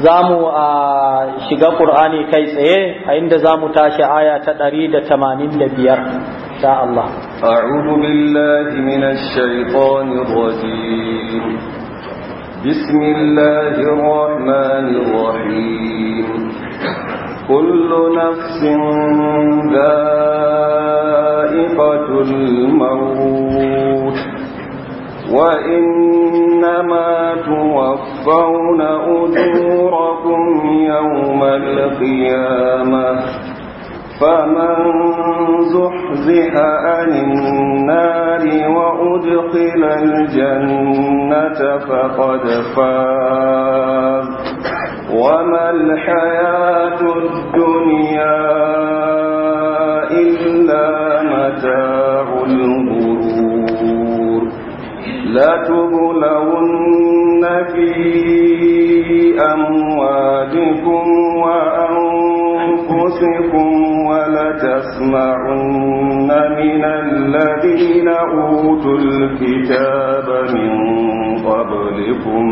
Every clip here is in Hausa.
za mu a shiga ƙur'ani kai tsaye a inda za mu tashi aya ta ɗari da tamanin da biyar sha Allah. A'udhu billahi minash shaitanir rajim. Bismillahir rahmanir rahim. Kullu nafsin dha'iqatul maut. وإنما توفون أجوركم يوم القيامة فمن زحزح عن النار وأدخل الجنة فقد فاز وما الحياة الدنيا إلا لتبلغن في أموالكم وأنفسكم ولتسمعن من الذين أوتوا الكتاب من قبلكم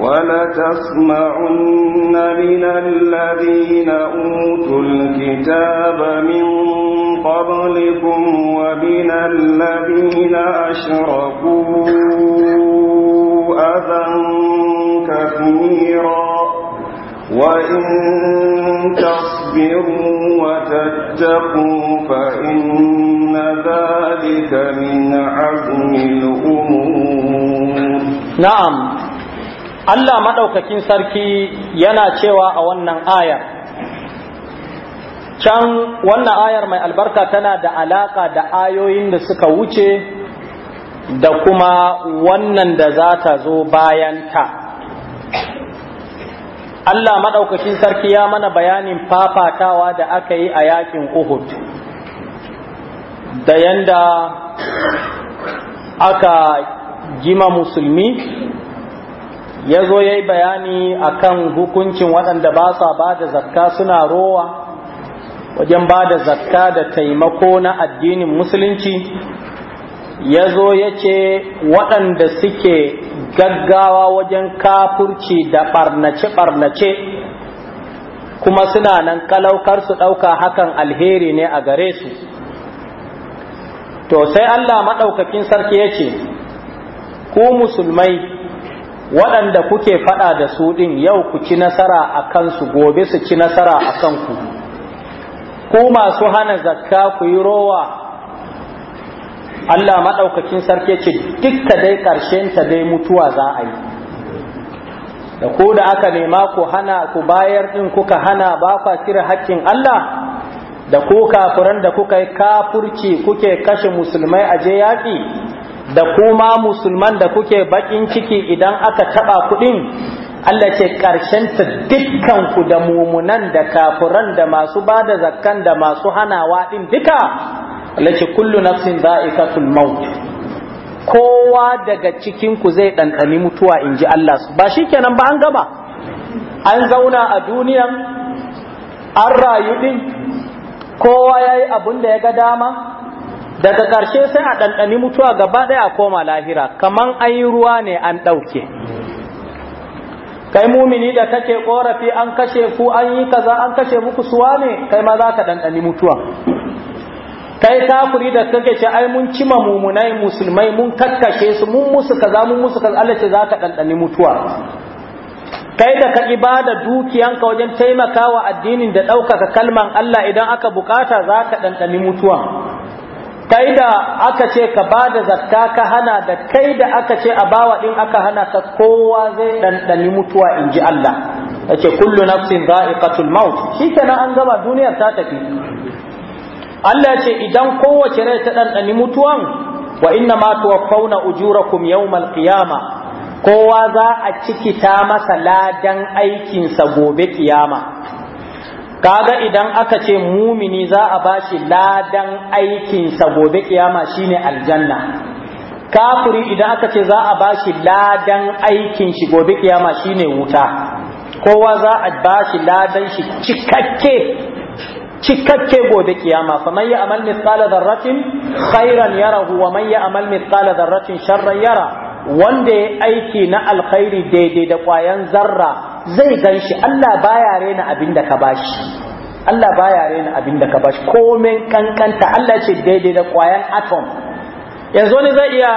ولتسمعن من الذين أوتوا الكتاب من قبلكم قبلكم ومن الذين أشركوا أذى كثيرا وإن تصبروا وتتقوا فإن ذلك من عزم الأمور نعم ما maɗaukakin sarki yana cewa أو wannan آية can wannan ayar mai albarka tana da alaka da ayoyin da suka wuce da kuma wannan da za ta zo ta. Allah maɗaukakin sarki ya mana bayanin fafatawa da aka yi a yakin Uhud da yanda aka gima musulmi ya zo ya yi bayani akan hukuncin waɗanda ba sa ba da zakka suna rowa wajen ba da zakka da taimako na addinin musulunci ya zo ya ce waɗanda suke gaggawa wajen kafurci da ɓarnace-ɓarnace kuma suna nan kalaukar su ɗauka hakan alheri ne a gare su to sai Allah maɗaukakin sarki ya ce ku musulmai waɗanda kuke faɗa da su ɗin yau ku ci nasara a kansu gobe su ci nasara a kanku ku masu hana zakka ku yi rowa Allah maɗaukakin sarki ce dukka dai ta dai mutuwa za a yi da ko da aka nema ku hana ku bayar ɗin kuka hana ba kwa kira haƙƙin Allah da ku kafiran da kuka yi kafurci kuke kashe musulmai a je yaƙi da kuma musulman da kuke baƙin ciki idan aka taɓa kuɗin Allah ce ta dukkan da mumunan da kafuran da masu da zakkan da masu hanawa din duka Allah ce kullu nafsin za'ikatul maut kowa daga cikin zai ɗanɗani mutuwa in ji Allah ba kenan ba an gama an zauna a duniyan an rayu din kowa yayi abun da ya ga dama daga ƙarshe sai a ɗanɗani mutuwa gaba ɗaya a koma lahira kaman ayi ruwa ne an ɗauke kai mumini da kake korafi an kashe ku an yi kaza an kashe muku suwa ne kai ma za ka ɗanɗani mutuwa kai kafiri da kake ce ai mun cima mumunai musulmai mun kakkashe su mun musu kaza mun musu kaza Allah ce za ka ɗanɗani mutuwa kai da ka ibada dukiyanka wajen taimakawa addinin da ɗaukaka kalman Allah idan aka bukata za ka ɗanɗani mutuwa kai da aka ce ka ba da zakka ka hana da kai da aka ce a bawa din aka hana ka kowa zai ɗanɗani mutuwa in ji Allah ya ce kullu nafsin za'iqatul maut shi kenan an gama duniyar ta tafi Allah ya ce idan kowace rai ta ɗanɗani mutuwan wa inna ma tuwaffawna ujurakum yawmal qiyama kowa za a cikita masa ladan aikinsa gobe kiyama kaga idan aka ce mumini za a bashi ladan aikinsa gobe kiyama shine aljanna kafiri idan aka ce za a bashi ladan aikin shi gobe kiyama shine wuta kowa za a bashi ladan shi cikakke cikakke gobe kiyama fa man ya'mal mithqala dharratin khairan yarahu wa man ya'mal mithqala dharratin sharran yara wanda ya aiki na alkhairi daidai da kwayan zarra zai gan shi Allah baya rena abinda ka bashi Allah baya rena abinda ka bashi komen kankanta Allah ce daidai da kwayan atom yanzu ne zai iya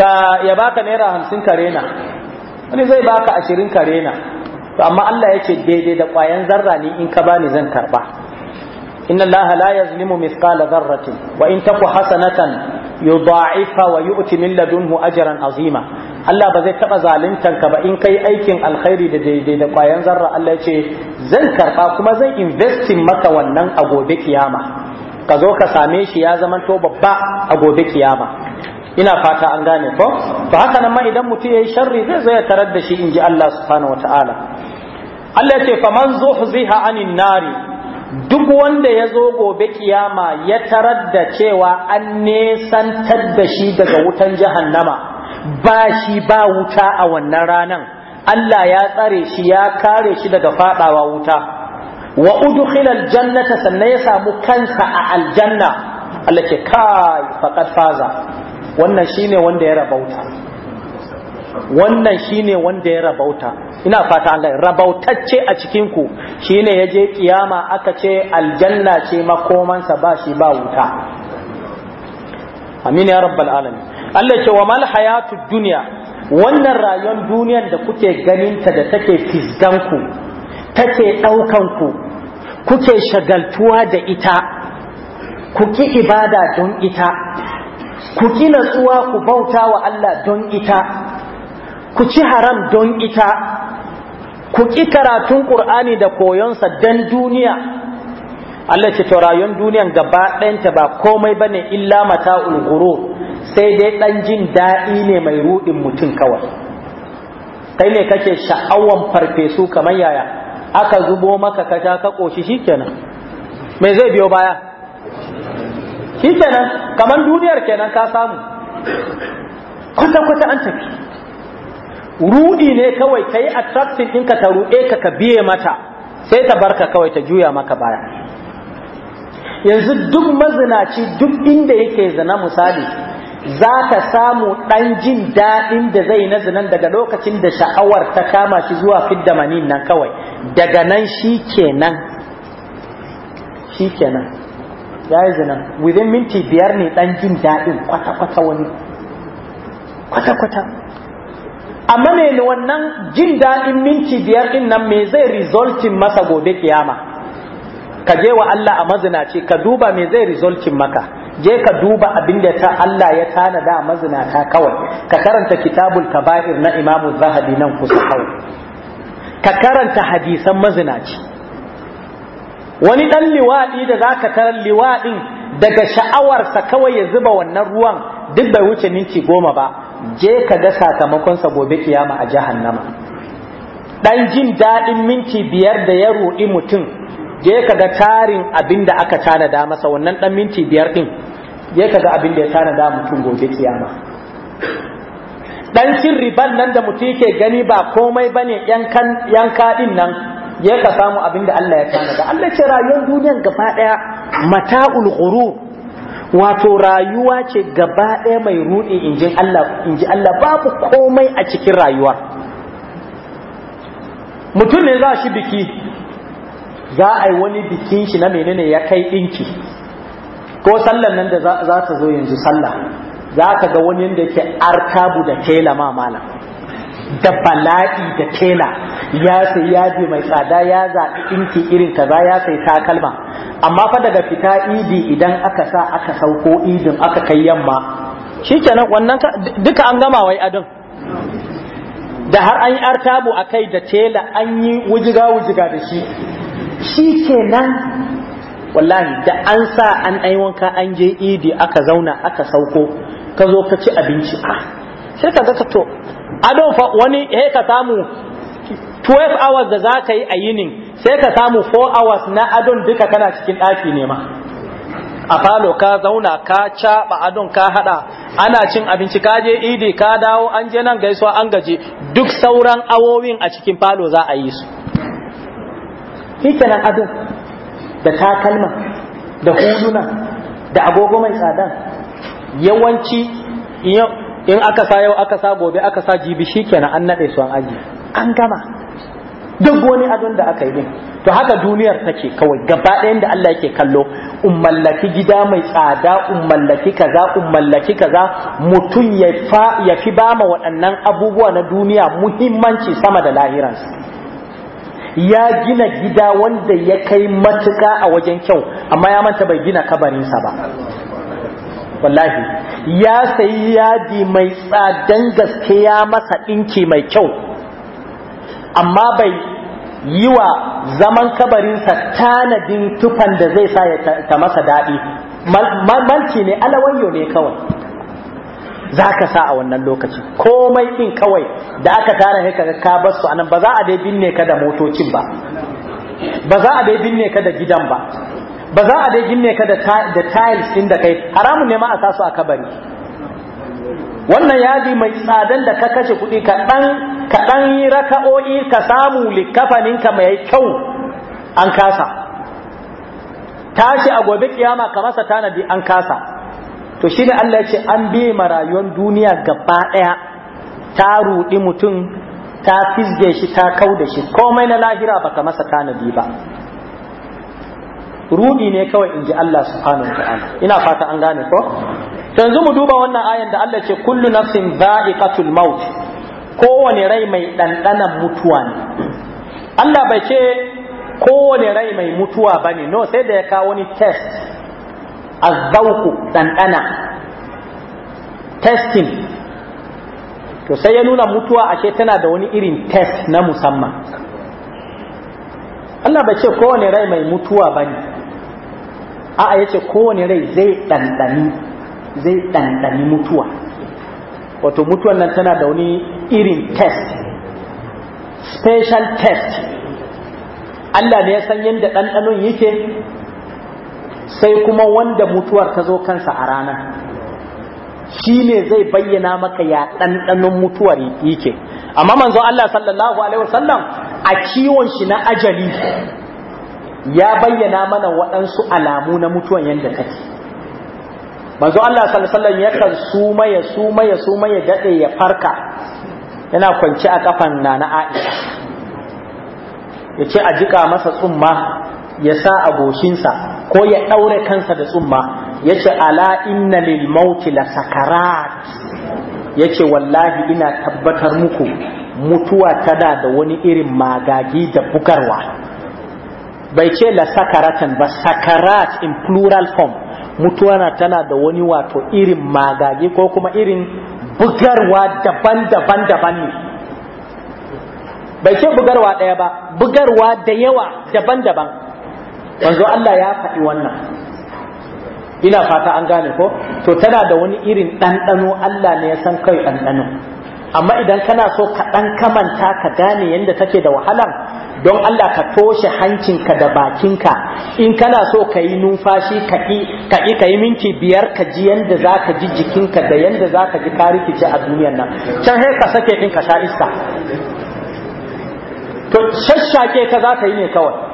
ka ya baka naira hamsin ka rena wani zai baka ashirin ka rena to amma Allah ya ce daidai da kwayan zarra ne in ka bani zan karba inna allaha la yazlimu mithqala dharratin wa in taku hasanatan yudha'ifha wa yu'ti min ladunhu ajran azima Allah ba zai taɓa zaluntar ka ba in kai aikin alkhairi da daidai da ƙwayan zarra Allah ce zan karɓa kuma zan investin maka wannan a gobe kiyama ka zo ka same shi ya zama to babba a gobe kiyama ina fata an gane ko to haka nan ma idan mutum yayi sharri zai zo ya tarar da shi in ji Allah subhanahu wataala Allah ya ce faman zuhziha anin nari duk wanda ya zo gobe kiyama ya tarar da cewa an nesantar da shi daga wutan jahannama ba shi ba wuta a wannan ranan Allah ya tsare shi ya kare shi daga fadawa wuta wa udkhilal jannata sannan ya samu kansa a aljanna Allah ke kai faqad faza wannan shine wanda ya rabauta wannan shine wanda ya rabauta ina fata Allah rabautacce a cikin ku shine yaje kiyama aka ce aljanna ce makomansa ba shi ba wuta amin ya rabbal alamin Allah ce wa mal hayatu duniya wannan rayuwar duniyar da kuke ganinta da take ku take ɗaukanku kuke shagaltuwa da ita Ku kuki ibada don ita kuki natsuwa ku bauta wa Allah don ita ku ci haram don ita ku ki karatun ƙur'ani da koyonsa don duniya Allah ce to rayuwar duniyan gaba ɗayanta ba komai bane illa mata ghurur sai dai ɗan jin daɗi ne mai ruɗin mutum kawai kai ne kake sha'awan farfesu kamar yaya aka zubo maka ka sha ka ƙoshi shikenan me zai biyo baya shikenan kamar duniyar kenan ka samu kwata-kwata an tafi ruɗi ne kawai ka yi ɗin ka ta ruɗe ka ka biye mata sai ta barka kawai ta juya maka baya yanzu duk mazinaci duk inda yake zina misali za ka samu ɗan jin daɗin da zai na nan daga lokacin da sha'awar ta kama shi zuwa fidda nan kawai daga nan shi nan. shi nan, ya yi zinan within minti biyar ne ɗan jin daɗin kwata-kwata wani kwata-kwata amma ne wannan jin daɗin minti biyar ɗin nan me zai resultin masa gobe kiyama ka je wa Allah a ce ka duba me zai resultin maka je ka duba abin da ta Allah ya tanada mazinata kawai ka karanta kitabul kaba'ir na imamu zahabi nan kusa kawai ka karanta hadisan mazinaci wani ɗan liwaɗi da zaka tarar liwaɗin daga sha'awarsa kawai ya zuba wannan ruwan duk bai wuce minti goma ba je ka ga sakamakonsa gobe kiyama a jahannama Ɗan jin daɗin minti biyar da ya ruɗi mutum je ka ga tarin abin da aka tanada masa wannan ɗan minti biyar ɗin. ya kaga abin da ya tana da mutum gobe kiyama dan cin riban nan da mutum yake gani ba komai bane yankan yanka din nan ya ka samu abin da Allah ya tana da Allah ce rayuwar duniyar gaba daya mata'ul ghurur wato rayuwa ce gaba daya mai rudi injin Allah inji Allah babu komai a cikin rayuwa mutum ne za shi biki za a yi wani bikin shi na menene ya kai dinki ko sallan nan da za ta zo yanzu sallah za ka ga wani yadda ke arkabu da tela ma malam da bala'i da tela ya sai yaji mai tsada ya zaɓi inki irin kaza ya sai takalma amma fa daga fita idi idan aka sa aka sauko idin aka kai yamma shikenan wannan duka an gama wai adon da har an yi artabu a kai da tela an yi wujiga wujiga da shi Shi shikenan wallahi da an sa an aiwanka wanka an je idi aka zauna aka sauko ka zo ka ci abinci a ah, sai ka zaka to ado fa wani he ka samu 12 hours da za ka yi a yinin sai ka samu 4 hours na adon duka kana cikin ɗaki ne ma a falo ka zauna ka caɓa adon ka haɗa ana cin abinci ka je idi ka dawo an je nan gaisuwa an gaje duk sauran awowin a cikin falo za a yi su Kike adon da takalma da huluna da agogo mai tsada yawanci in aka sa yau aka sa gobe aka sa jibi shikenan an nade su an aji an gama duk wani adon da aka yi din to haka duniyar take kawai gaba ɗayan da Allah yake kallo in mallaki gida mai tsada in mallaki kaza in mallaki kaza mutum ya fi ba ma waɗannan abubuwa na duniya muhimmanci sama da lahiransu ya gina gida wanda ya kai matuka a wajen kyau amma ya manta bai gina kabarinsa ba wallahi ya sayi yadi mai tsadan gaske ya masa ɗinki mai kyau amma bai yi wa zaman kabarinsa tanadin tufan da zai sa ya ta masa daɗi malki ne alawayo ne kawai za ka sa a wannan lokaci komai ɗin kawai da aka tara ka ka bar su anan ba za a dai binne ka da motocin ba ba za a dai binne ka da gidan ba ba za a dai binne ka da tiles ɗin da kai haramun ne ma a sa a kabari wannan yadi mai tsadan da ka kashe kuɗi ka ɗan yi raka'o'i ka samu likafaninka mai kyau an kasa tashi a gobe kiyama ka masa tanadi an kasa to shi ne Allah ce an bi marayuwar duniya gaba ɗaya ta ruɗi mutum ta fizge shi ta kau da shi komai na lahira baka masa tanadi ba ruɗi ne kawai in ji Allah subhanahu wa ina fata an gane ko yanzu mu duba wannan ayan da Allah ce kullu nafsin dha'iqatul maut kowane rai mai ɗanɗanan mutuwa ne Allah bai ce kowane rai mai mutuwa bane no sai da ya kawo ni test Azauku ɗanɗana testing to sai ya nuna mutuwa ashe tana da wani irin test na musamman Allah bai ce kowane rai mai mutuwa ba ne a'a yace ce kowane rai zai ɗanɗani zai ɗanɗani mutuwa wato mutuwan nan tana da wani irin test special test Allah ne ya san yadda ɗanɗanon yake sai kuma wanda mutuwar ta zo kansa a ranar shi ne zai bayyana maka ya ɗanɗanon mutuwar yake amma manzo Allah sallallahu alaihi wasallam a ciwon shi na ajali ya bayyana mana waɗansu alamu na mutuwan yadda take manzo Allah sallallahu alaihi wasallam yakan suma ya suma ya suma ya dade ya farka yana kwance a kafan nana Aisha yace a jika masa tsumma ya sa abokinsa. ko ya ɗaure kansa da tsumma ya ce ala inna lil mauti la sakarat ya ce wallahi ina tabbatar muku mutuwa tana da wani irin magagi da bugarwa bai ce la sakaratan ba sakarat in plural form mutuwa na tana da wani wato irin magagi ko kuma irin bugarwa daban-daban daban ne bai ce bugarwa ɗaya ba bugarwa da yawa daban-daban manzo Allah ya faɗi wannan ina fata an gane ko to tana da wani irin ɗanɗano Allah ne ya san kai ɗanɗano amma idan kana so ka ɗan kamanta ka gane yadda take da wahalan don Allah ka toshe hancinka da bakinka in kana so ka yi numfashi ka ƙi ka yi minti biyar ka ji yadda za ka ji jikinka da yadda za ka ji karikice a duniyar nan can sai ka sake ɗin ka sha to shashshake ka za ka yi ne kawai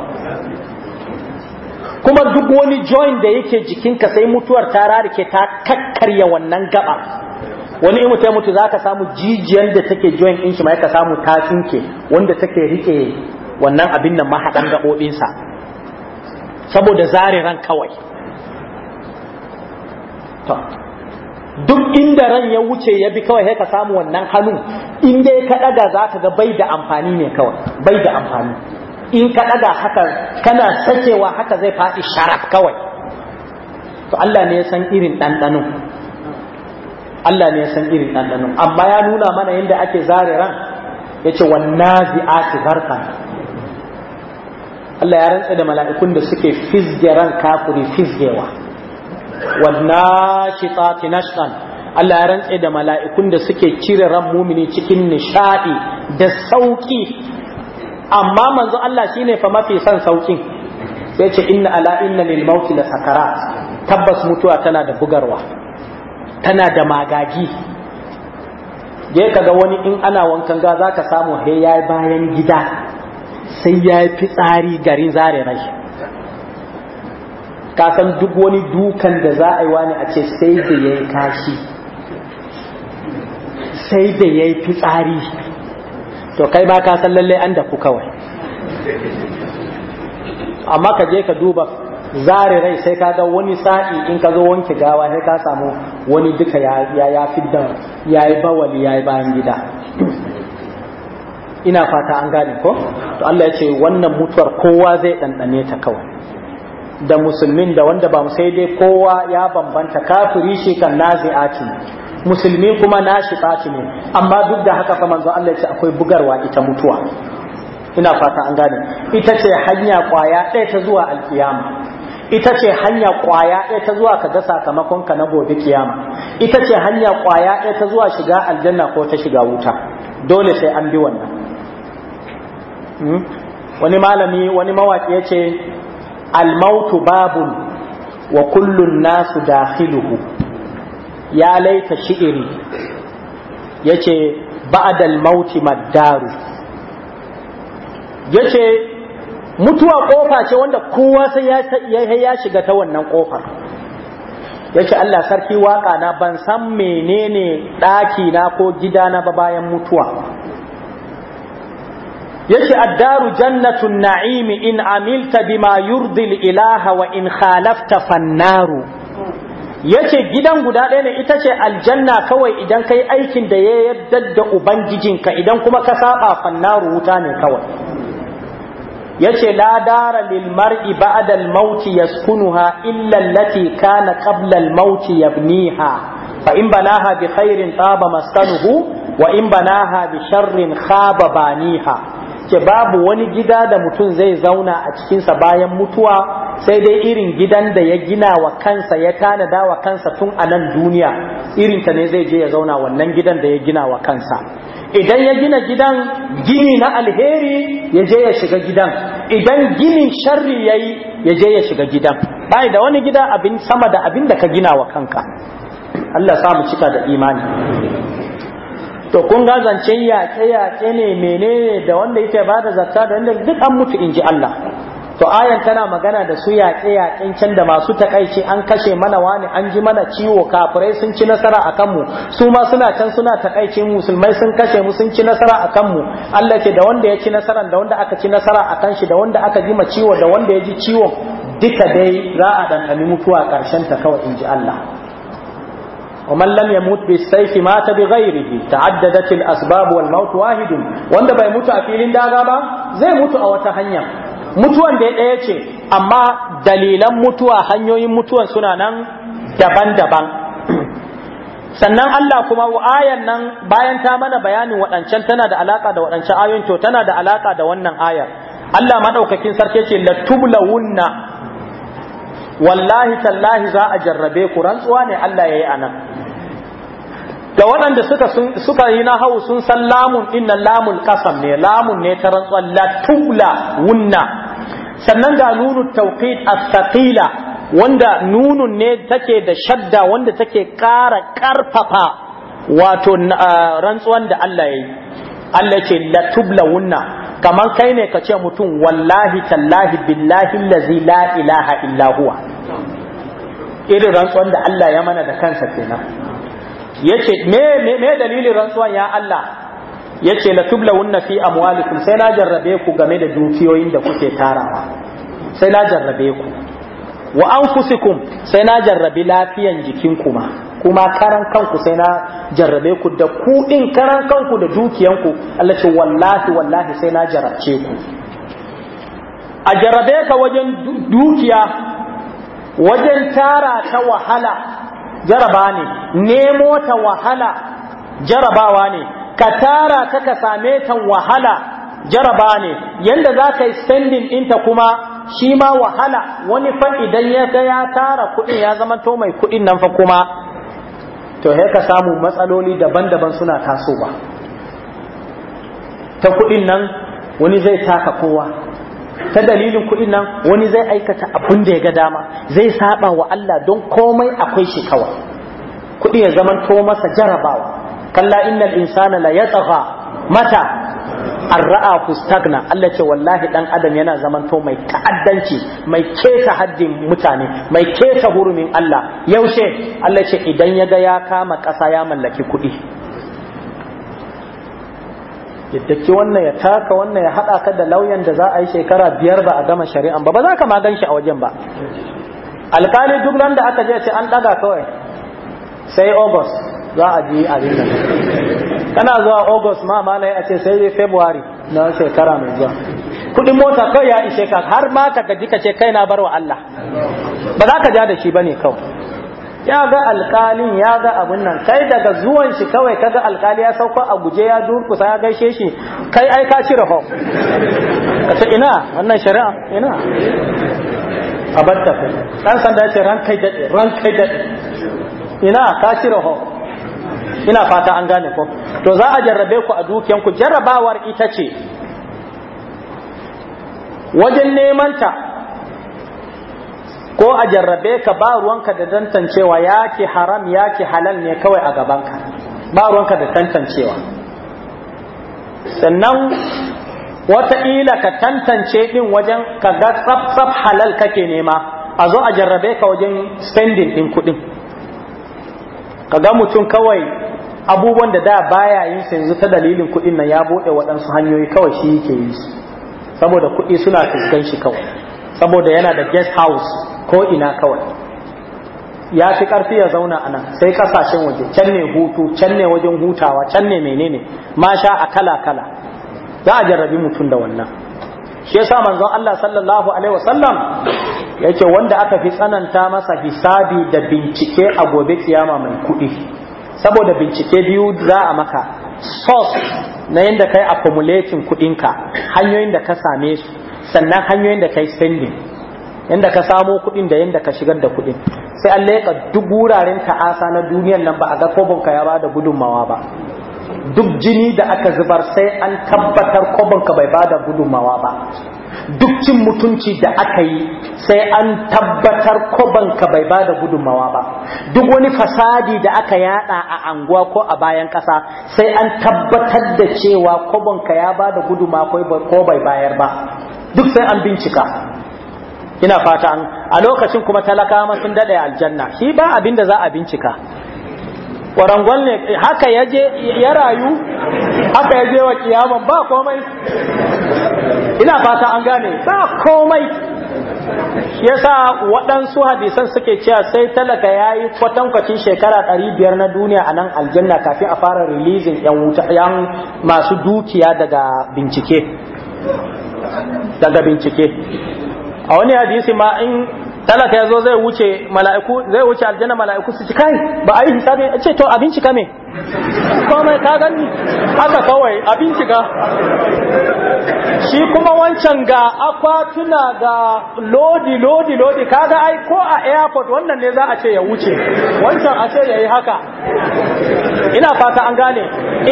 kuma duk wani join da yake jikinka sai mutuwar ta rarike ta kakkarya wannan gaba wani in mutum mutu zaka samu jijiyar da take join din shi ma ka samu ta tsinke wanda take rike wannan abin nan mahaɗan gabobin sa saboda zare ran kawai to duk inda ran ya wuce ya bi kawai sai ka samu wannan hannu in dai ka za ka ga bai da amfani ne kawai bai da amfani in ka ɗaga haka kana sakewa haka zai faɗi sharaf kawai to Allah ne ya san irin ɗanɗano Allah ne ya san irin ɗanɗano amma ya nuna mana yadda ake zare ran ya ce wanna zi'ati zarfan Allah ya rantsa da mala'ikun da suke fizge ran kafuri fizgewa wanna shitati nashtan Allah ya rantse da mala'ikun da suke cire ran mumini cikin nishaɗi da sauƙi amma manzo Allah shine fa mafi son saukin sai ce inna ala inna lil mauti la sakarat tabbas mutuwa tana da bugarwa tana da magagi je kaga wani in ana wankan ga zaka samu he yayi bayan gida sai yayi fitsari garin zare rai ka san duk wani dukan da za a yi wani a ce sai da yayi kashi sai da yayi fitsari to kai ba ka san lalle an da ku kawai amma ka je ka duba zare rai sai ka ga wani sa'i in ka zo wanke gawa sai ka samu wani duka ya ya fidda ya yi bawali ya yi bayan gida ina fata an gane ko to Allah ya ce wannan mutuwar kowa zai ɗanɗane ta kawai da musulmin da wanda ba mu sai dai kowa ya bambanta kafiri shi kan nazi'ati musulmi kuma nashi shi ne amma duk da haka fa manzo Allah ce akwai bugarwa ita mutuwa ina fata an gane ita ce hanya kwaya ɗaya ta zuwa alkiyama ita ce hanya kwaya ɗaya ta zuwa ka ga sakamakon ka na gobe kiyama ita ce hanya kwaya ɗaya ta zuwa shiga aljanna ko ta shiga wuta dole sai an bi wannan hmm? wani malami wani mawaki ya ce almautu babun wa kullun nasu dakhiluhu ya laita shi'iri ce ba'adal mauti maddaru ce mutuwa kofa ce wanda kowa sai ya ya shiga ta wannan kofar ya ce Allah sarki waka na ban san menene ɗaki na ko gida na ba bayan mutuwa ya ce addaru jannatun na'imi in amilta ma yurdil ilaha wa in khalafta fannaru yace gidan guda ɗaya ne ita ce aljanna kawai idan kai aikin da ya yadda da ubangijinka idan kuma ka saba fannaru wuta ne kawai yace la dara lil mar'i ba'da al maut yaskunuha illa allati kana qabla al maut yabniha fa in banaha bi khairin taba maskanuhu wa in banaha bi sharrin khaba baniha ke babu wani gida da mutum zai zauna a cikinsa bayan mutuwa sai dai irin gidan da ya gina wa kansa ya tanada wa kansa tun a nan duniya irinta ne zai je ya zauna wannan gidan da ya gina wa kansa idan ya gina gidan gini na alheri ya je ya shiga gidan idan gini sharri ya yi ya je ya shiga gidan bai da wani gida abin sama da abin da ka gina wa kanka Allah samu cika da imani to kun ga zancen yaƙe yaƙe ne menene da wanda yake ba da zakka da wanda duk an mutu inji Allah to ayan tana magana da su yaƙe yaƙen can da masu takaici an kashe mana wani an ji mana ciwo kafirai sun ci nasara a kanmu su ma suna can suna takaici musulmai sun kashe mu sun ci nasara a kanmu Allah ke da wanda ya ci nasara da wanda aka ci nasara a kan shi da wanda aka ji ma ciwo da wanda ya ji ciwon duka dai za a ɗanɗani mutuwa ƙarshen ta kawai in Allah ومن لم يموت بالسيف مات بغيره تعددت الأسباب والموت واحد wanda bai mutu a filin daga ba zai mutu a wata hanya mutuwan da ɗaya ce amma dalilan mutuwa hanyoyin mutuwan suna nan daban-daban sannan Allah kuma ayan nan bayan ta mana bayanin waɗancan tana da alaka da waɗancan ayoyin to tana da alaka da wannan ayar Allah maɗaukakin sarki ce la tublawunna wallahi tallahi za a jarrabe ku rantsuwa ne Allah yayi anan da waɗanda suka suka yi na hau sun san lamun inna lamun qasam ne lamun ne ta rantsuwa la wunna sannan ga nunu Tauhid as wanda nunun ne take da shadda wanda take ƙara ƙarfafa wato rantsuwan da Allah yayi Allah ce la tubla wunna kamar kai ne ka ce mutum wallahi tallahi billahi lazi la ilaha illa huwa irin rantsuwan da Allah ya mana da kansa kenan yace me me, dalilin rantsuwan ya Allah yace la wunna fi amwalikum sai na jarrabe ku game da dukiyoyin da kuke tarawa sai na jarrabe ku wa anfusikum sai na jarrabi lafiyan jikinku ma kuma karan kanku sai na jarrabe ku da ku din karan kanku da dukiyanku Allah ce wallahi wallahi sai na jarabce ku a jarrabe ka wajen dukiya wajen tara ta wahala jaraba ne nemo ta wahala jarabawa ne ka tara ta ka same ta wahala jaraba ne yanda za ka yi standin ɗinta kuma shi ma wahala wani fa idan ya ga ya tara kuɗin ya zama to mai kuɗin nan fa kuma to he ka samu matsaloli daban-daban suna tasowa ta kudin nan wani zai taka kowa ta dalilin kudin nan wani zai aikata abun da ya ga dama zai saba wa Allah don komai akwai shi kawai kuɗi ya zama to masa jarabawa kalla innal insana la yatagha mata arra'a fustagna Allah ce wallahi dan adam yana zaman to mai ta'addanci mai keta haddin mutane mai keta hurumin Allah yaushe Allah ce idan ya ga ya kama kasa ya mallaki kuɗi yadda wannan ya taka wannan ya haɗa ka da lauyan da za a yi shekara biyar ba a gama shari'an ba ba za ka magan shi a wajen ba alkali duk da aka je ce an ɗaga kawai sai august za a ji abin kana zuwa august ma malai a ce sai february na shekara mai zuwa kudin mota kai ya ishe ka har ma ka gaji ka ce kai na barwa Allah ba za ka ja da shi bane kawai ya ga alkalin ya ga abun nan kai daga zuwan shi kawai ka ga alkali ya sauka a guje ya durkusa ya gaishe shi kai ai ka cire ho ka ce ina wannan shari'a ina a batta dan sanda ya ce ran kai daɗe, ran kai daɗe. ina ka cire ho ina fata an gane ko to za a jarrabe ku a dukiyanku jarrabawar ita ce wajen nemanta ko a jarrabe ka ba ruwanka da tantancewa yake haram yake halal ne kawai a gabanka ba ruwanka da tantancewa sannan wata wataƙila ka tantance ɗin wajen ka ga tsaf halal kake nema a zo a jarrabe ka wajen spending ɗin kuɗin ka ga mutum kawai abubuwan da da baya yin sa yanzu ta dalilin kuɗin nan ya buɗe waɗansu hanyoyi kawai shi yake yi su saboda kuɗi suna fuskan shi kawai saboda yana da guest house ko ina kawai ya fi ƙarfi ya zauna a sai kasashen waje can ne hutu can ne wajen hutawa can ne menene masha a kala kala za a jarrabi mutum da wannan shi yasa manzon Allah sallallahu alaihi wasallam yake wanda aka fi tsananta masa hisabi da bincike a gobe kiyama mai kuɗi saboda bincike biyu za a maka source na yadda kai accumulating kudinka hanyoyin da ka same su sannan hanyoyin da kai spending yadda ka samo kudin da yadda ka shigar da kudin sai an leƙa duk wuraren ta'asa na duniyan nan ba a ga kobonka ya ba da gudunmawa ba duk jini da aka zubar sai an tabbatar kobonka bai ba da gudunmawa ba duk cin mutunci da aka yi sai an tabbatar kobanka bai bada da gudunmawa ba duk wani fasadi da aka yada a anguwa ko a bayan kasa sai an tabbatar da cewa kobanka ya bada da ko bai bayar ba duk sai an bincika ina fata a lokacin kuma talakawa sun daɗe aljanna shi ba abin da za a bincika warangon ne haka ya ya rayu haka ya wa kiyama ba komai ina fata an gane ba komai yasa waɗansu hadisan suke cewa sai talaka ya yi kwatankwacin shekara ɗari biyar na duniya a nan aljanna kafin a fara rilizin yan wuta yan masu dukiya daga bincike daga bincike a wani hadisi ma in talaka yazo zai wuce mala'iku zai wuce aljanna mala'iku su ci kai ba a yi hisabi a ce to abinci kame komai ka gani haka kawai abinci ga shi kuma wancan ga akwatuna ga lodi lodi lodi kaga ai ko a airport wannan ne za a ce ya wuce wancan a ce yayi haka ina fata an gane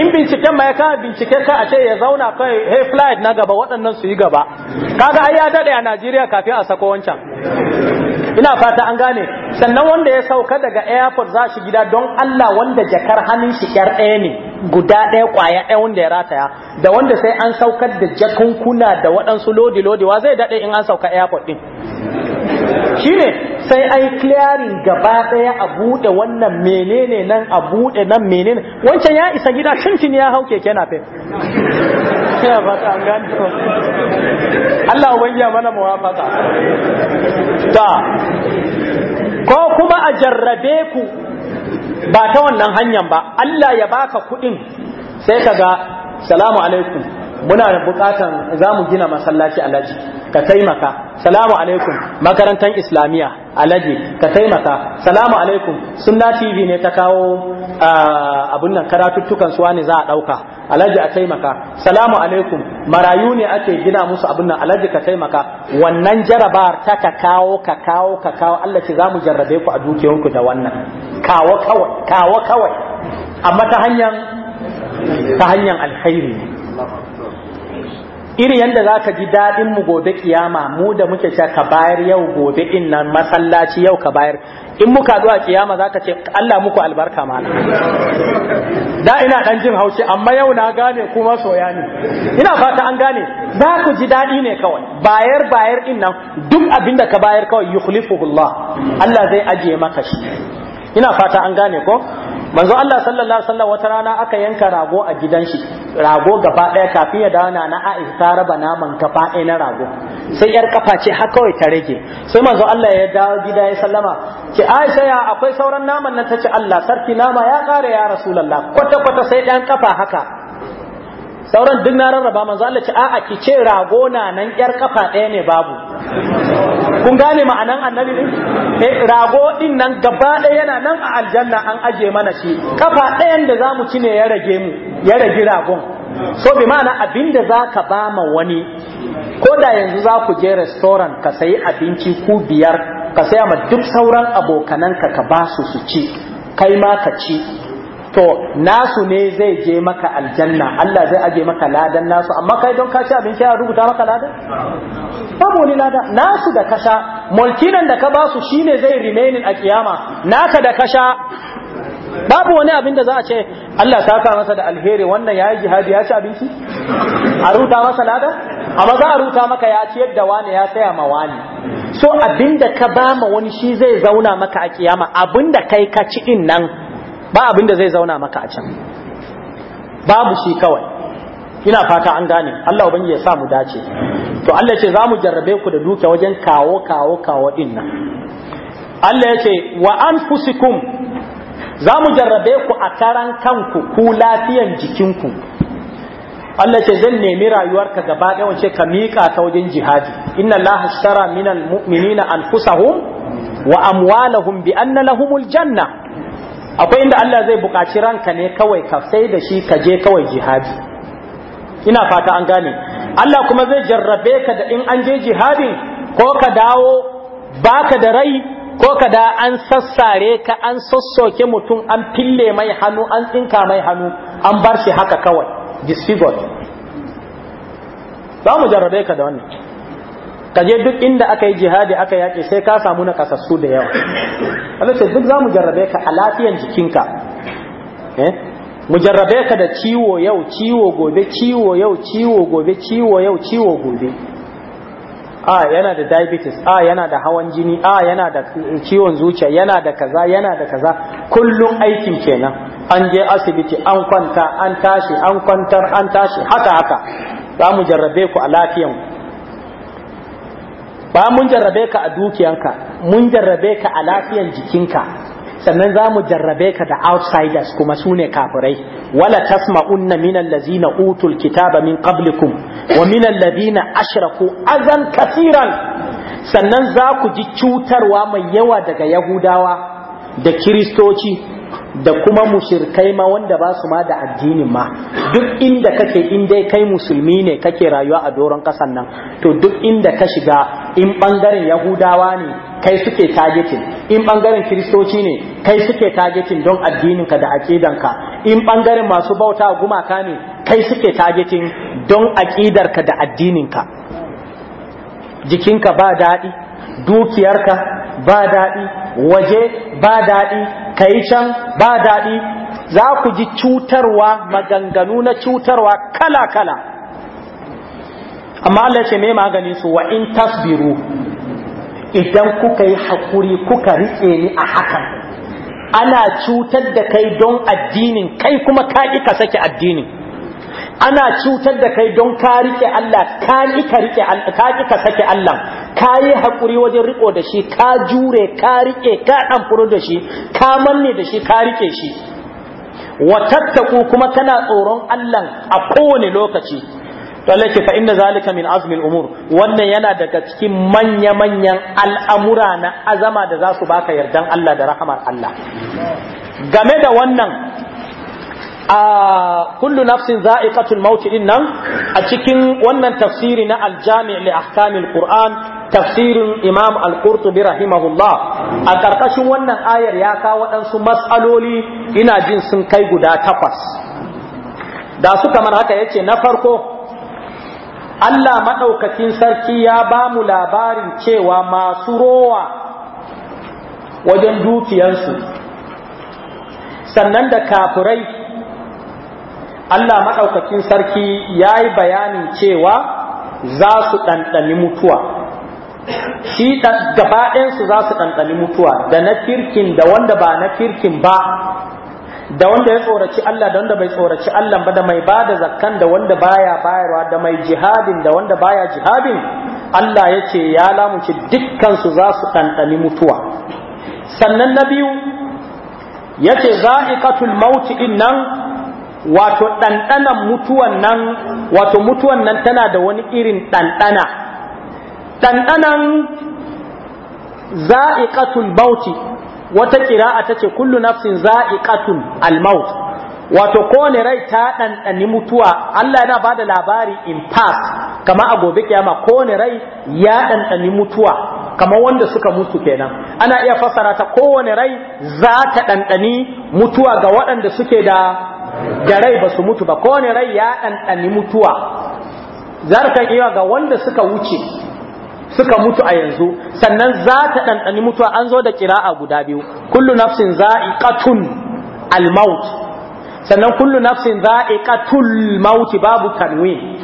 in binciken ma ya ka binciken ka a ce ya zauna kai hey flight na gaba waɗannan su yi gaba kaga ai ya dade a Najeriya kafin a sako wancan ina fata an gane sannan wanda ya sauka daga airport za shi gida don Allah wanda jakar hannun shi kyar ɗaya ne guda ɗaya kwaya ɗaya wanda ya rataya da wanda sai an saukar da jakunkuna da waɗansu lodi lodi wa zai daɗe in an sauka airport ɗin shine sai ai clearing gaba daya a bude wannan menene nan a bude nan menene wancan ya isa gida shintin ya hauke kena fe ya ba ta gani Allah ubangiya mana muwafaka ta ko kuma a jarrabe ku ba ta wannan hanyar ba Allah ya baka kudin sai kaga salamu alaikum muna bukatan za mu gina masallaci alaji ka taimaka salamu alaikum makarantar islamiyya alaji ka taimaka salamu alaikum sunna tv ne ta kawo abun nan karatuttukan suwa ne za a dauka alhaji a taimaka salamu alaikum marayu ne ake gina musu abun nan alhaji ka taimaka wannan jarabar ta ka kawo ka kawo ka kawo Allah ce za mu jarrabe ku a dukiyarku da wannan kawo kawai kawo kawai amma ta hanyar ta hanyar alkhairi iri yanda za ka ji daɗin mu gobe kiyama mu da muke cewa ka bayar yau gobe in nan masallaci yau ka bayar in muka zuwa kiyama za ka ce Allah muku albarka mana da ina ɗan jin haushi amma yau na gane kuma soya ne ina fata an gane za ku ji daɗi ne kawai bayar bayar in nan duk abin da ka bayar kawai yukhlifuhullah Allah zai ajiye maka shi ina fata an gane ko manzo Allah sallallahu alaihi wasallam wata rana aka yanka rago a gidan shi rago gaba daya kafin ya dawo na Aisha ta raba naman kafa na rago sai yar kafa ce har kawai ta rage sai manzo Allah ya dawo gida ya sallama ki Aisha ya akwai sauran naman nan tace Allah sarki nama ya kare ya Rasulullah kwata kwata sai dan kafa haka sauran duk na rarraba manzo Allah ce a'a ki ce rago na nan yar kafa daya ne babu kun gane ma'anan annabi din eh rago din nan gaba ɗaya yana nan a aljanna an aje mana shi kafa ɗayan da za mu ci ne ya rage mu ya rage ragon so bi ma'ana abinda ka ba ma wani ko da yanzu za ku je restaurant ka sayi abinci ku biyar ka saya ma duk sauran abokananka ka ba su su ci kai ma ka ci to nasu ne zai je maka aljanna Allah zai aje maka ladan nasu amma kai don ka ci abinci ya rubuta maka ladan babu wani ladan nasu da kasha mulkinan da ka ba su shine zai remaining a kiyama naka da kasha babu wani abin da za a ce Allah ta ka masa da alheri wannan yayi jihadi ya ci abinci a rubuta masa ladan amma za a rubuta maka ya ci yadda wani ya saya ma wani so abinda ka ba ma wani shi zai zauna maka a kiyama abinda kai ka ci din nan ba abin da zai zauna maka a can babu shi kawai ina fata an gane Allah ubangi ya samu mu dace to Allah ce za mu jarrabe ku da duke wajen kawo kawo kawo din Allah ya ce wa anfusikum za mu jarrabe ku a karan kanku ku lafiyan jikinku Allah ce zan nemi rayuwarka gaba ɗaya wace ka miƙa ta wajen jihadi inna Allah ashtara minal mu'minina anfusahum wa amwalahum bi anna lahumul janna akwai inda Allah zai buƙaci ranka ne kawai ka sai da shi ka je kawai jihadi ina fata an gane Allah kuma zai jarrabe ka da in an je jihadin ko ka dawo baka da rai ko ka da an sassare ka an sassoke mutum an fille mai hannu an tsinka mai hannu an bar shi haka kawai disfigured za mu jarrabe ka da wannan Kaje duk inda aka yi jihadi aka yaƙi sai ka samu na kasassu da yawa Allah ce duk za mu jarrabe ka a lafiyan jikinka eh? mu jarrabe ka da ciwo yau ciwo gobe ciwo yau ciwo gobe ciwo yau ciwo gobe a yana da diabetes a yana da hawan jini a yana da ciwon zuciya yana da kaza yana da kaza kullum aikin kenan an je asibiti an kwanta an tashi an kwantar an tashi haka haka za mu jarrabe ku a lafiyan ba mun jarrabe ka a dukiyanka mun jarrabe ka a lafiyan jikinka sannan za mu jarrabe ka da outsiders kuma su ne kafirai wala tasma'unna min allazina utul kitaba min qablikum wa min allazina ashraku azan kasiran sannan za ku ji cutarwa mai yawa daga yahudawa da kiristoci da kuma mushirkai ma wanda ba su ma da addinin ma duk inda kake in dai kai musulmi ne kake rayuwa a doron kasan nan to duk inda ka shiga in bangaren yahudawa ne kai suke targetin in bangaren kiristoci ne kai suke targetin don addinin ka da aqidan ka in bangaren masu bauta gumaka ne kai suke targetin don aqidar ka da addinin ka jikinka ba daɗi dukiyarka ba daɗi waje ba daɗi ka yi can ba daɗi za ku ji cutarwa maganganu na cutarwa kala-kala amma Allah ce mai maganin su wa in tasbiru idan kuka yi haƙuri kuka riƙe ni a hakan ana cutar da kai don addinin kai kuma ka ka sake addinin ana cutar da kai don ka rike Allah ka ka rike Allah ka ki sake Allah ka yi hakuri wajen riko da shi ka jure ka rike ka furo da shi ka manne da shi ka rike shi wa tattaku kuma kana tsoron Allah a kowane lokaci to Allah ke fa inna zalika min azmil umur wannan yana daga cikin manya manyan al'amura na azama da za su baka yardan Allah da rahamar Allah game da wannan a kullu nafsin za'iqatul maut din nan a cikin wannan tafsiri na al-jami' li ahkamil qur'an tafsirin imam al-qurtubi rahimahullah a karkashin wannan ayar ya kawo waɗansu matsaloli ina jin sun kai guda takwas da su kamar haka yace na farko Allah madaukakin sarki ya ba mu labarin cewa masu rowa wajen dukiyansu sannan da kafurai Allah maɗaukakin sarki ya yi bayanin cewa za su ɗanɗani mutuwa shi su za su ɗanɗani mutuwa da na kirkin da wanda ba na kirkin ba da wanda ya tsoraci Allah da wanda bai tsoraci Allah ba da mai ba da zakkan da wanda baya bayarwa da mai jihadin da wanda baya jihadin Allah ya ce ya lamunci dukkansu za su ɗanɗani mutuwa sannan na biyu ya ce za'iqatul mauti nan wato ɗanɗanan mutuwan nan wato mutuwan nan tana da wani irin ɗanɗana ɗanɗanan za'iqatul bauti wata ƙira'a ta ce kullu nafsin za'iqatul almaut wato kowane rai ta ɗanɗani mutuwa Allah yana bada labari in past kama a gobe kyama kowane rai ya ɗanɗani mutuwa kamar wanda suka mutu kenan ana iya fassara ta kowane rai za ta ɗanɗani mutuwa ga waɗanda suke da da rai ba su mutu ba kowane rai ya ɗanɗani mutuwa za ta iya ga wanda suka wuce suka mutu a yanzu sannan za ta ɗanɗani mutuwa an zo da kira'a guda biyu kullu nafsin za'iqatun al sannan kullu nafsin za'iqatul maut babu tanwin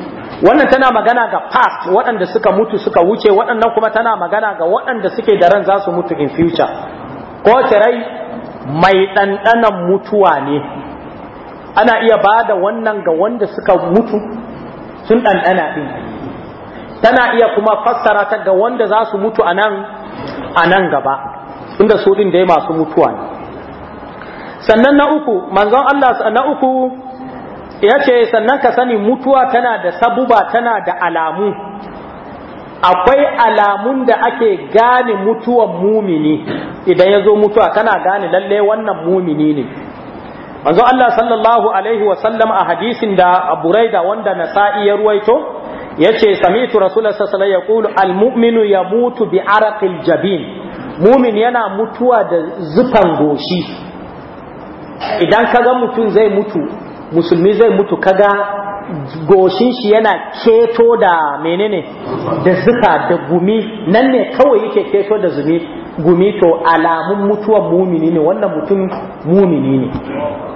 wannan tana magana ga past waɗanda suka mutu suka wuce waɗannan kuma tana magana ga waɗanda suke da ran za su mutu in future ko rai mai ɗanɗanan mutuwa ne ana iya ba da wannan ga wanda suka mutu sun ɗanɗana ɗin tana iya kuma fassara ta ga wanda za su mutu a nan a nan gaba inda su ɗin dai masu mutuwa ne sannan na uku manzon Allah na uku ya ce sannan ka sani mutuwa tana da sabuba tana da alamu akwai alamun da ake gane mutuwan mumini idan ya zo mutuwa tana gane lalle wannan mumini ne manzo Allah sallallahu alaihi wa sallam a hadisin da Abu Raida wanda sa'i ya ruwaito yace sami'tu rasulullahi sallallahu alaihi wa yaqulu al-mu'minu yamutu bi araqil jabin mu'min yana mutuwa da zufan goshi idan kaga mutum zai mutu musulmi zai mutu kaga goshin shi yana keto da menene da zufa da gumi nan ne kawai yake keto da zumi gumi to alamun mutuwan mumini ne wannan mutum mumini ne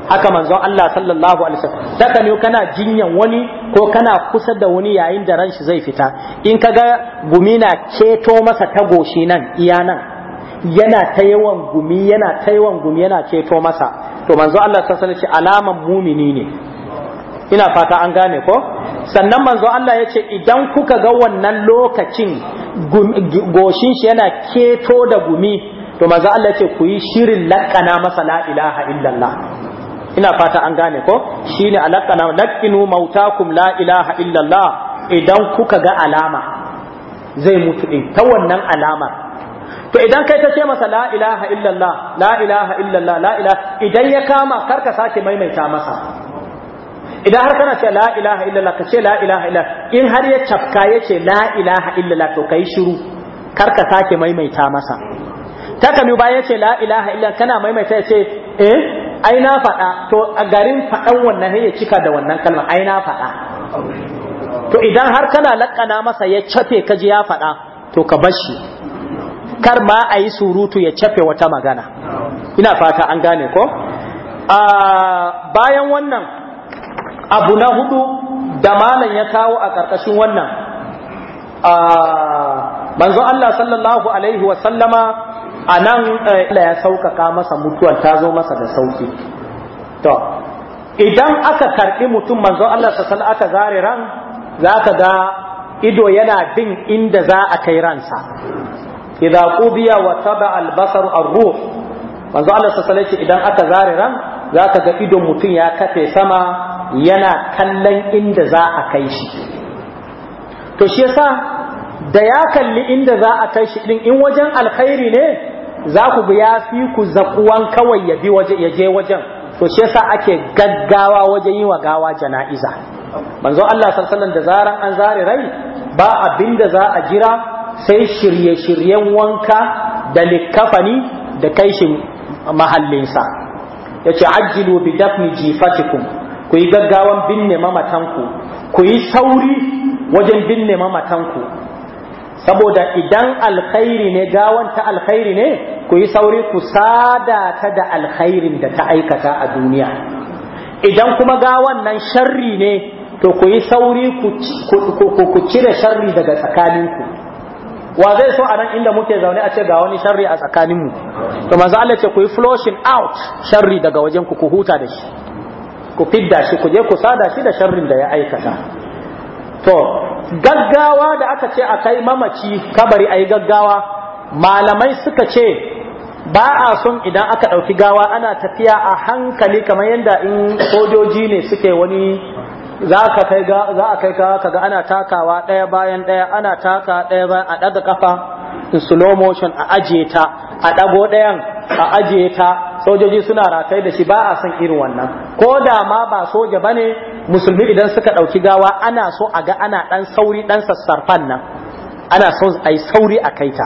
haka manzon Allah sallallahu alaihi wasallam saka ne kana jinyan wani ko kana kusa da wani yayin da ran shi zai fita in kaga gumi na ceto masa ta goshi nan iya nan yana ta yawan gumi yana ta yawan gumi yana ceto masa to manzon Allah sallallahu alaihi wasallam alaman mumini ne ina fata an gane ko sannan manzo Allah ya ce idan kuka ga wannan lokacin goshin shi yana keto da gumi to manzo Allah ya ce ku yi shirin lakana masa la ilaha illallah ina fata an gane ko shine alaqana lakinu mautakum la ilaha illallah idan kuka ga alama zai mutu din ta wannan alamar to idan kai ta ce masa la ilaha illallah la ilaha illallah la ilaha idan ya kama karka sake maimaita masa idan har kana ce la illallah ka ce la ilaha illallah in har ya cafka ya ce la illallah to kai shiru kar ka sake maimaita masa takami ba ya ce la ilaha illallah kana maimaita ya ce eh ai na faɗa to a garin faɗan wannan ya cika da wannan kalmar ai na faɗa to idan har kana laƙana masa ya cafe ka ji ya faɗa to ka bar shi kar ma a yi surutu ya cafe wata magana ina fata an gane ko ah, bayan wannan abu na hudu da malam ya kawo a ƙarƙashin wannan manzo Allah sallallahu alaihi wa sallama a nan eh, Allah ya sauƙaƙa masa mutuwar ta zo masa da sauƙi to idan aka karɓi mutum manzo Allah sallallahu aka zare ran za ka ga ido yana bin inda za a kai ransa idza qudiya wa taba al-basar ar-ruh manzo Allah sallallahu idan aka zare ran za ka ga idon mutum ya kafe sama yana kallon inda za a kai shi to shi yasa da ya kalli inda za a kai shi din in wajen alkhairi ne za ku bi ya fi ku zakuwan kawai ya bi waje ya je wajen to shi yasa ake gaggawa wajen yi wa gawa jana'iza manzo Allah sallallahu alaihi da zaran an zare rai ba abinda za a jira sai shirye-shiryen wanka da likkafani da kai shi mahallinsa yace ajjilu bi dafni jifatikum ku yi gaggawan binne mamatanku ku yi sauri wajen binne mamatanku saboda idan alkhairi ne gawan ta alkhairi ne ku yi sauri ku sada ta da alkhairin da ta aikata a duniya idan kuma gawan nan sharri ne to ku yi sauri ku cire sharri daga tsakaninku wa zai so a nan inda muke zaune a ce ga wani sharri a tsakaninmu to manzo Allah ce ku yi flushing out sharri daga wajen ku ku huta da shi ku fidda shi ku je ku sada shi da sharrin da ya aikata to gaggawa da aka ce a kai mamaci kabari ai gaggawa malamai suka ce ba a son idan aka ɗauki gawa ana tafiya a hankali kamar yadda in sojoji ne suke wani za a kai ka ga ana takawa ɗaya bayan ɗaya ana taka ɗaya bayan a ɗaga kafa in slow motion a aje ta a ɗago ɗayan a ajiye ta sojoji suna ratai da shi ba a san irin wannan ko da ma ba soja bane musulmi idan suka ɗauki gawa ana so a ga ana ɗan sauri ɗan sassarfan nan ana so a yi sauri a kai ta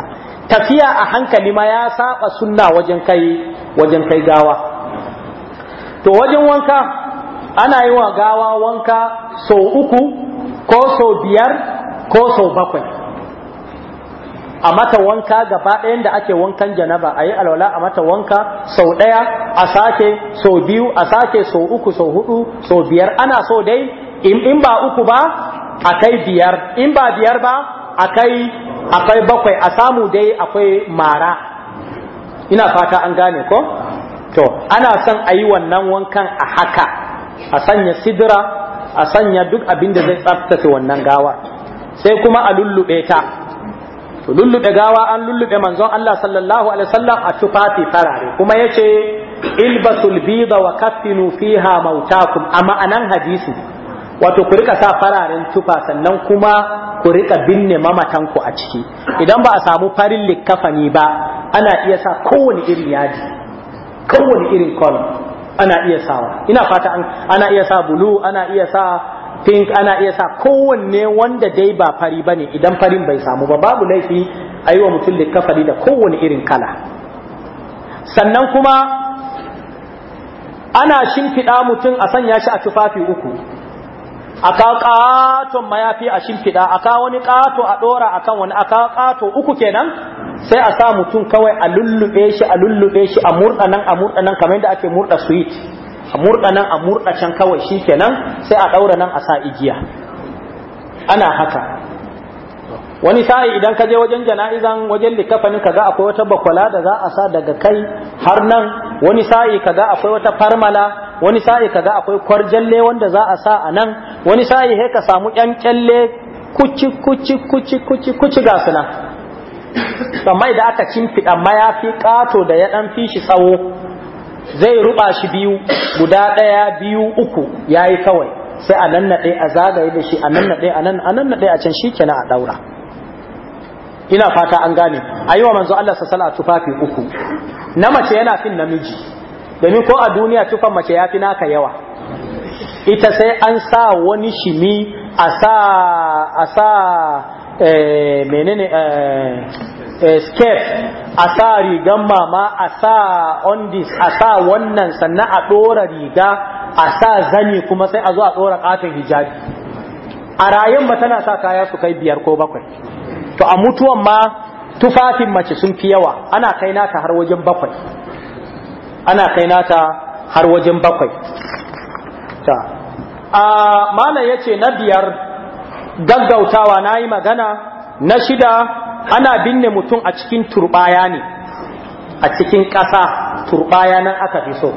tafiya a hankali ma ya saba sunna wajen kai wajen kai gawa to wajen wanka ana yi wa gawa wanka sau uku ko sau biyar ko sau bakwai a mata wanka gaba ɗayan da ake wankan janaba a yi alwala a mata wanka sau ɗaya a sake sau biyu a sake sau uku sau hudu sau biyar ana so dai in ba uku ba a kai biyar in ba biyar ba a bakwai a samu dai akwai mara ina fata an gane ko to ana son a yi wannan wankan a haka a sanya sidira a sanya duk abin da zai tsaftace wannan gawa sai kuma a lullube ta to lullube gawa an lullube manzon Allah sallallahu alaihi wasallam a tufafi farare kuma yace ilbasul bida wa kaffinu fiha mautakum amma anan hadisi wato ku rika sa fararen tufa sannan kuma ku rika binne mamatan ku a ciki idan ba a samu farin likkafani ba ana iya sa kowane irin yadi kowane irin kolon ana iya sawa ina fata ana iya sa bulu ana iya sa Fink ana iya sa kowanne wanda dai ba fari bane idan farin bai samu ba babu laifi a yi wa mutum likkafari da kowane irin kala sannan kuma ana shimfiɗa mutum a sanya shi a tufafi uku a kawo ƙaton mayafi a shimfiɗa a kawo wani ƙato a ɗora a kan wani a kawo ƙato uku kenan sai a sa mutum kawai a lullube shi a lullube shi a murɗa nan a murɗa nan kamar yadda ake murɗa suwit. a murɗa nan a murɗa can kawai shi kenan sai a ɗaura nan a sa igiya ana haka wani sa'i idan ka je wajen jana'izan wajen likafanin kaga akwai wata bakwala da za a sa daga kai har nan wani sa'i ga akwai wata farmala wani sa'i ka ga akwai kwarjalle wanda za a sa a nan wani sa'i he ka samu yan kyalle kuci kuci kuci kuci kuci ga suna amma idan aka cin fiɗa da ya ɗan fi shi tsawo zai ruba shi biyu guda ɗaya biyu uku ya yi kawai sai a nan naɗe a zagaye da shi a nan naɗe a nan a nan naɗe a can shi kenan a ɗaura ina fata an gane a yi manzo Allah sassala a tufafi uku na mace yana fin namiji domin ko a duniya tufan mace ya fi naka yawa ita sai an sa wani shimi a sa a sa eh, menene eh, Eh, scarf a sa rigan mama a sa ondis a sa wannan sannan a ɗora riga a sa zani kuma sai a zo a ɗora ƙaton hijabi a rayan ma tana sa kaya su kai biyar ko bakwai to a mutuwan ma tufafin mace sun fi yawa ana kai nata har wajen bakwai ana kai nata har wajen bakwai ta a malam yace na biyar gaggautawa na yi magana na shida ana binne mutum a cikin turbaya ne a cikin ƙasa turbaya nan aka fi so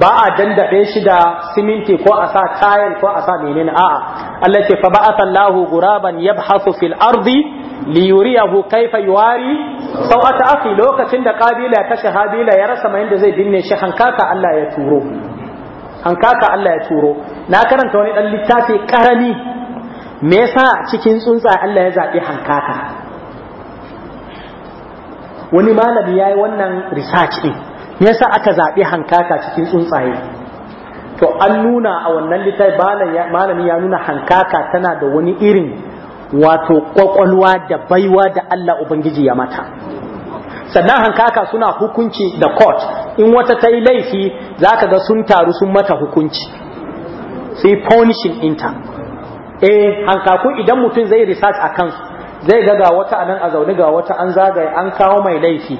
ba a dandaɓe shi da siminti ko a sa kayan ko a sa menene a'a Allah ce fa ba'atha Allahu guraban yabhasu fil ardi li yuriyahu kayfa yuwari sau'ata lokacin da kabila ya kashe habila ya rasa mai zai binne shi hankaka Allah ya turo hankaka Allah ya turo na karanta wani dan littafi karami me yasa cikin tsuntsa Allah ya zabi hankaka wani malami ya yi wannan research ɗin me yasa aka zaɓi hankaka cikin tsuntsaye to an nuna a wannan litai malami ya nuna hankaka tana da wani irin wato kwakwalwa da baiwa da Allah Ubangiji ya mata sannan hankaka suna hukunci da court in wata ta yi laifi za ka ga sun taru sun mata hukunci sai punishing inta eh hankaku idan mutum zai research a kansu zai ga ga wata anan a zaune ga wata an zagaye an kawo mai laifi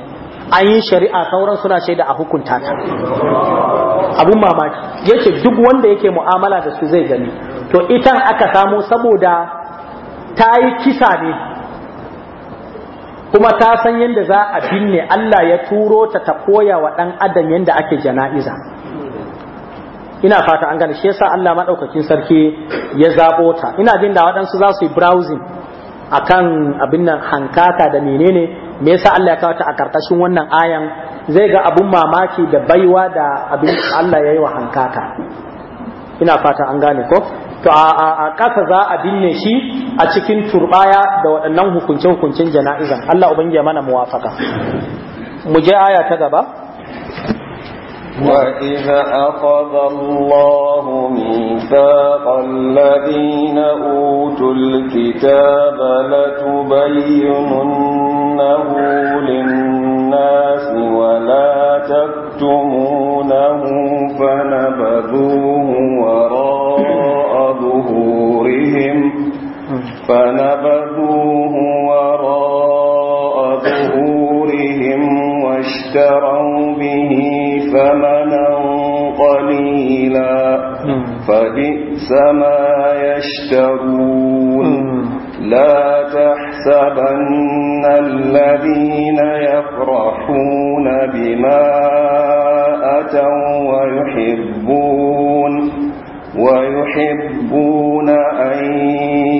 an yi shari'a sauran suna shaida a hukunta ta abun mamaki yace duk wanda yake mu'amala da su zai gani to itan aka samu saboda ta yi kisa ne kuma ta san yadda za a binne Allah ya turo ta ta koya wa ɗan adam yadda ake jana'iza ina fata an gane shi yasa Allah maɗaukakin sarki ya zaɓo ta ina jin da waɗansu za su yi browsing akan abin nan hankaka da menene me yasa Allah ya kawo ta a karkashin wannan ayan zai ga abun mamaki da baiwa da abin Allah ya yi wa hankaka ina fata an gane ko to a ƙasa za a binne shi a cikin turbaya da waɗannan hukunce hukuncin jana'izan Allah ubangiya mana muwafaka mu je aya ta gaba وإذا أخذ الله ميثاق الذين أوتوا الكتاب لتبيننه للناس ولا تكتمونه فنبذوه وراء ظهورهم فنبذوه وراء ظهورهم واشتروا به ثمنا قليلا نعم. فبئس ما يشترون نعم. لا تحسبن الذين يفرحون بما أتوا ويحبون ويحبون أن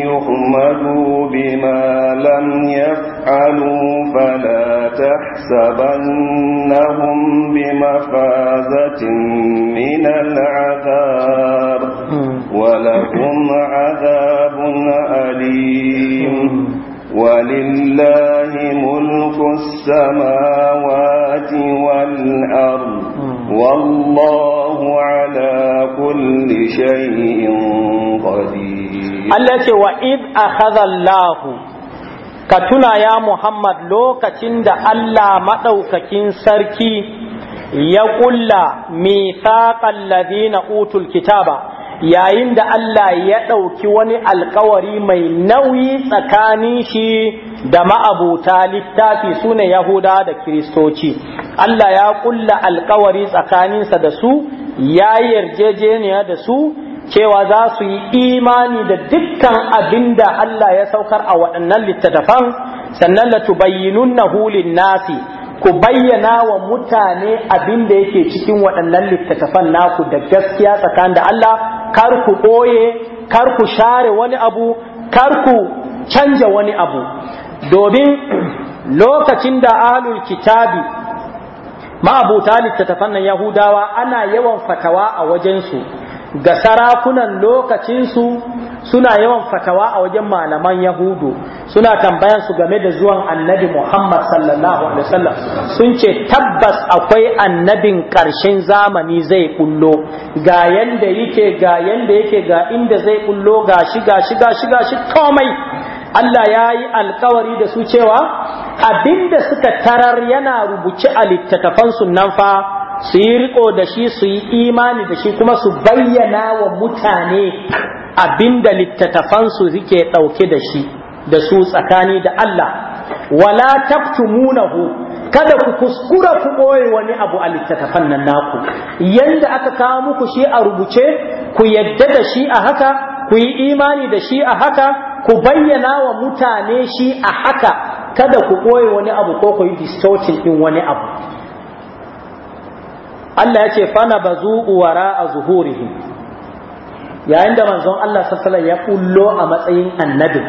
يحمدوا بما لم يفعلوا فلا تحسبن مفازة من العذاب ولهم عذاب أليم ولله ملك السماوات والأرض والله على كل شيء قدير التي وإذ أخذ الله ka tuna ya Muhammad lokacin da Allah maɗaukakin sarki ya kulla mithaqal ladina utul kitaba yayin da Allah ya ɗauki wani alkawari mai nauyi tsakanin shi da ma'abuta littafi ne Yahuda da Kiristoci. Allah ya kulla alkawari tsakaninsa da su, ya yarjejeniya da su, cewa za su yi imani da dukkan abin da Allah ya saukar a waɗannan littattafan, sannan la tubayyinunnahu lin nasi. ku bayyana wa mutane abin da yake cikin waɗannan littattafan naku da gaskiya tsakanin da Allah kar ku ɓoye kar ku share wani abu kar ku canja wani abu domin lokacin da ahlul kitabi ma'abuta littattafan nan yahudawa ana yawan fatawa a wajensu ga sarakunan lokacinsu suna yawan fatawa a wajen malaman yahudu suna tambayan su game da zuwan annabi muhammad sallallahu alaihi wasallam sun ce tabbas akwai annabin ƙarshen zamani zai kullo ga yanda yake ga yanda yake ga inda zai kullo ga shi ga shi ga shi ga shi komai Allah ya yi alkawari da su cewa abinda suka tarar yana rubuce a littattafan nan fa su yi riko da shi su yi imani da shi kuma su bayyana wa mutane abinda littattafansu suke ɗauke da shi da su tsakani da Allah wala taktumunahu kada ku kuskura ku ɓoye wani abu a littattafan nan naku yanda aka kawo muku shi a rubuce ku yadda da shi a haka ku yi imani da shi a haka ku bayyana wa mutane shi a haka kada ku ɓoye wani abu ko ku yi distorting ɗin wani abu Allah ya ce fana ba wara a zuhurihim yayin da manzon Allah sassala ya kullo a matsayin annabi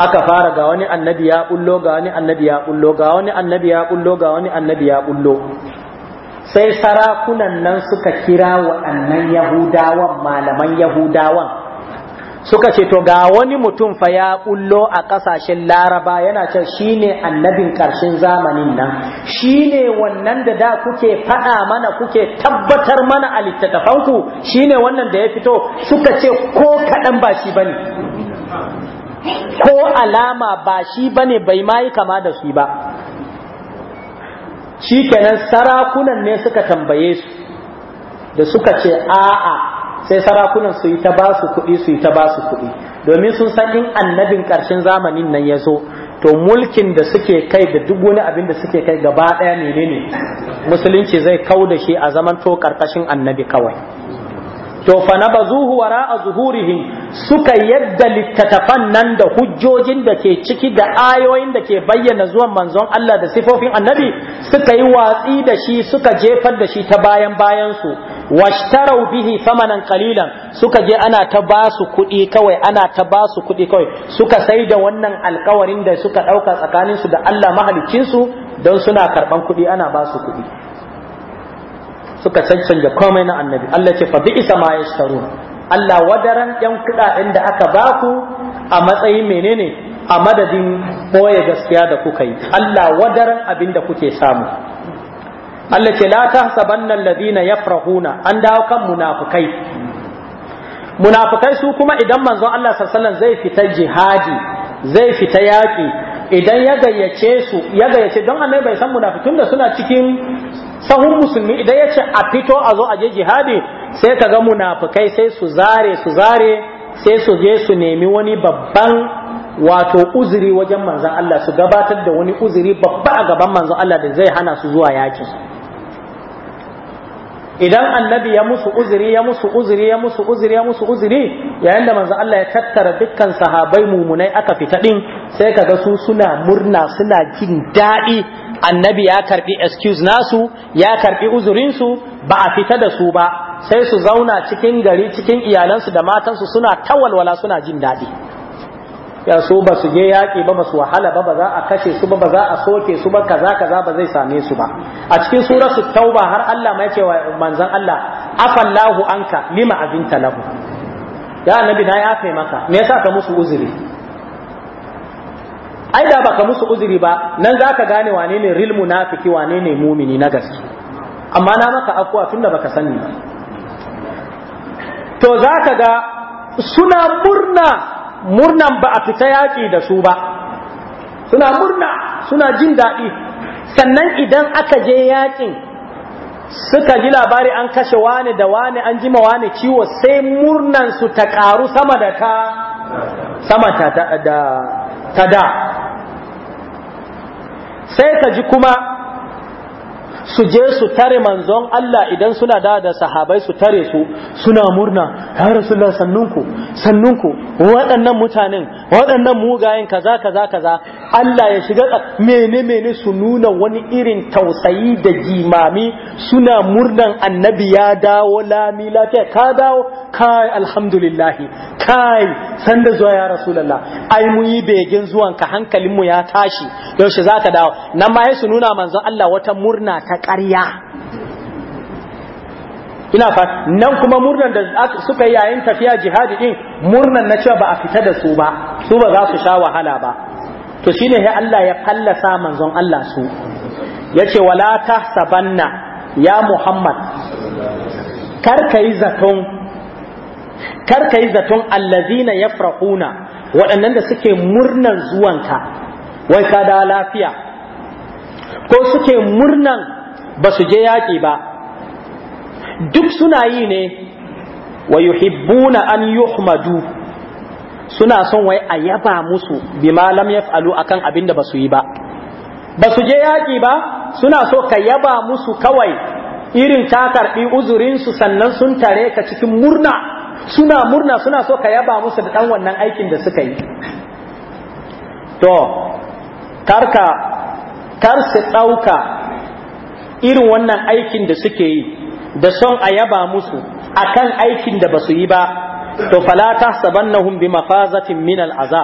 aka fara ga wani annabi ya kullo ga wani annabi ya kullo ga wani annabi ya kullo ga wani annabi ya kullo sai sarakunan nan suka kira wa annan yahudawan malaman yahudawan suka ce to ga wani mutum fa ya kullo a kasashen laraba yana can shine annabin karshen zamanin nan shine wannan da da kuke faɗa mana kuke tabbatar mana a littattafanku shine wannan da ya fito suka ce ko kaɗan ba shi bane ko alama ba shi bane bai ma yi kama da su ba shikenan sarakunan ne suka tambaye su da suka ce a'a sai sarakunan su yi ta ba su kuɗi su yi ta ba su kuɗi domin sun san in annabin ƙarshen zamanin nan ya zo to mulkin da suke kai da duk wani abin da suke kai gaba ɗaya ne. musulunci zai kau da shi a zaman to ƙarƙashin annabi kawai to fa na zuhu wara a zuhurihim suka yadda littattafan nan da hujjojin da ke ciki da ayoyin da ke bayyana zuwan manzon Allah da sifofin annabi suka yi watsi da shi suka jefar da shi ta bayan bayansu washtarau bihi samanan kalilan suka je ana ta ba su kuɗi kawai ana ta ba su kuɗi kawai suka sai da wannan alkawarin da suka ɗauka tsakanin su da Allah mahalicin su don suna karɓan kuɗi ana ba su kuɗi suka cancanta komai na annabi Allah ce fa bi isa ma Allah wadaran yan kuɗaɗen da aka ba ku a matsayin menene a madadin boye gaskiya da kuka yi Allah wadaran abin da kuke samu Allah ce la tahsabanna alladhina yafrahuna an dawo kan munafukai munafukai su kuma idan manzo Allah sallallahu zai fita jihadi zai fita yaki idan ya gayyace su ya gayyace don annabi bai san munafukin da suna cikin sahun musulmi idan ya ce a fito a zo a je jihadi sai ka ga munafukai sai su zare su zare sai su je su nemi wani babban wato uzuri wajen manzon Allah su gabatar da wani uzuri babba a gaban manzon Allah da zai hana su zuwa yakin idan annabi ya musu uzuri ya musu uzuri ya musu uzuri ya musu uzuri yayin da manzo Allah ya tattara dukkan sahabbai mumunai aka fita din sai kaga su suna murna suna jin daɗi annabi ya karbi excuse nasu ya karbi uzurin su ba a fita da su ba sai su zauna cikin gari cikin iyalansu da matansu suna tawalwala suna jin daɗi ya so ba su je yaƙi ba su wahala ba ba za a kashe su ba ba za a soke su ba kaza kaza ba zai same su ba a cikin suratul tauba har Allah ma yake wa manzon Allah afallahu anka lima azinta lahu ya annabi na yafe maka me yasa ka musu uzuri ai da baka musu uzuri ba nan zaka gane wane ne real munafiki wane ne mumini na gaske amma na maka akwa tunda baka sani ba to zaka ga suna murna murnan ba a fita yaƙi da su ba suna murna suna jin daɗi sannan idan aka je yaƙin suka ji labari an kashe wane da wane an jima wane ciwo sai murnan su ta ƙaru sama da ta sama ta da sai ka ji kuma su je su tare manzon Allah idan suna da da sahabai su tare su suna murna ya rasulullah sannunku sannunku waɗannan mutanen waɗannan mugayen kaza kaza kaza Allah ya shiga mene mene su nuna wani irin tausayi da jimami suna murnan annabi ya dawo lami lafiya ka dawo kai alhamdulillah kai sanda zuwa ya rasulullah ai mu yi begin zuwanka hankalinmu ya tashi yaushe zaka dawo nan ma sai su nuna manzon Allah wata murna ta ƙarya ina fa nan kuma murnan da suka yi yayin tafiya jihadi din murnan na cewa ba a fita da su ba su ba za su sha wahala ba to shine sai Allah ya fallasa manzon Allah su yace wala tahsabanna ya Muhammad kar kai zaton kar kai zaton allazina yafrahuna waɗannan da suke murnan zuwanka wai ka da lafiya ko suke murnan ba su je yaƙi ba duk suna yi ne wa yuhibbuna an yuhmadu suna son wai a yaba musu bima lam yaf'alu akan abin da basu yi ba Ba su je yaƙi ba suna so ka yaba musu kawai irin ta karɓi uzurin su sannan sun tare ka cikin murna suna murna suna so ka yaba musu da ɗan wannan aikin da suka yi to karka kar su ɗauka irin wannan aikin da suke yi da son a yaba musu a kan aikin da basu yi ba to fala tahsabannahum bi mafazatin min al'aza.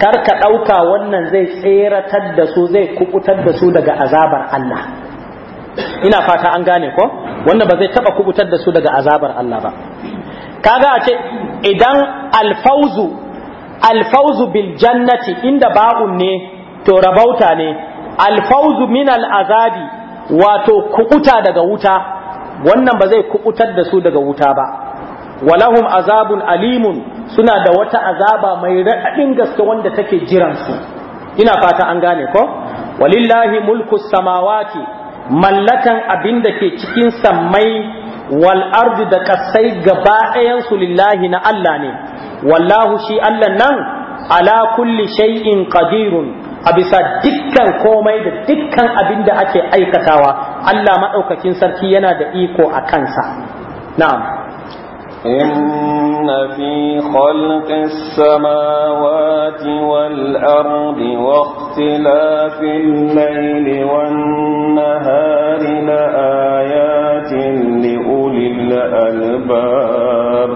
kar ka ɗauka wannan zai tseratar da su zai kubutar da su daga azabar Allah ina fata an gane ko wannan ba zai taba kubutar da su daga azabar Allah ba kaga a ce idan alfauzu alfauzu bil jannati inda ba'un ne to rabauta ne alfauzu min al'azabi wato kukuta daga wuta wannan ba zai kukutar da su daga wuta ba walahum azabun alimun suna da wata azaba mai raɗaɗin gaske wanda take jiransu ina fata an gane ko walillahi mulku samawati mallakan abin da ke cikin sammai wal ardi da kasai gaba ɗayansu lillahi na Allah ne wallahu shi Allah nan ala kulli shay'in qadirun a bisa dukkan komai da dukkan abin da ake aikatawa Allah maɗaukakin sarki yana da iko a kansa na'am إن في خلق السماوات والأرض واختلاف الليل والنهار لآيات لأولي الألباب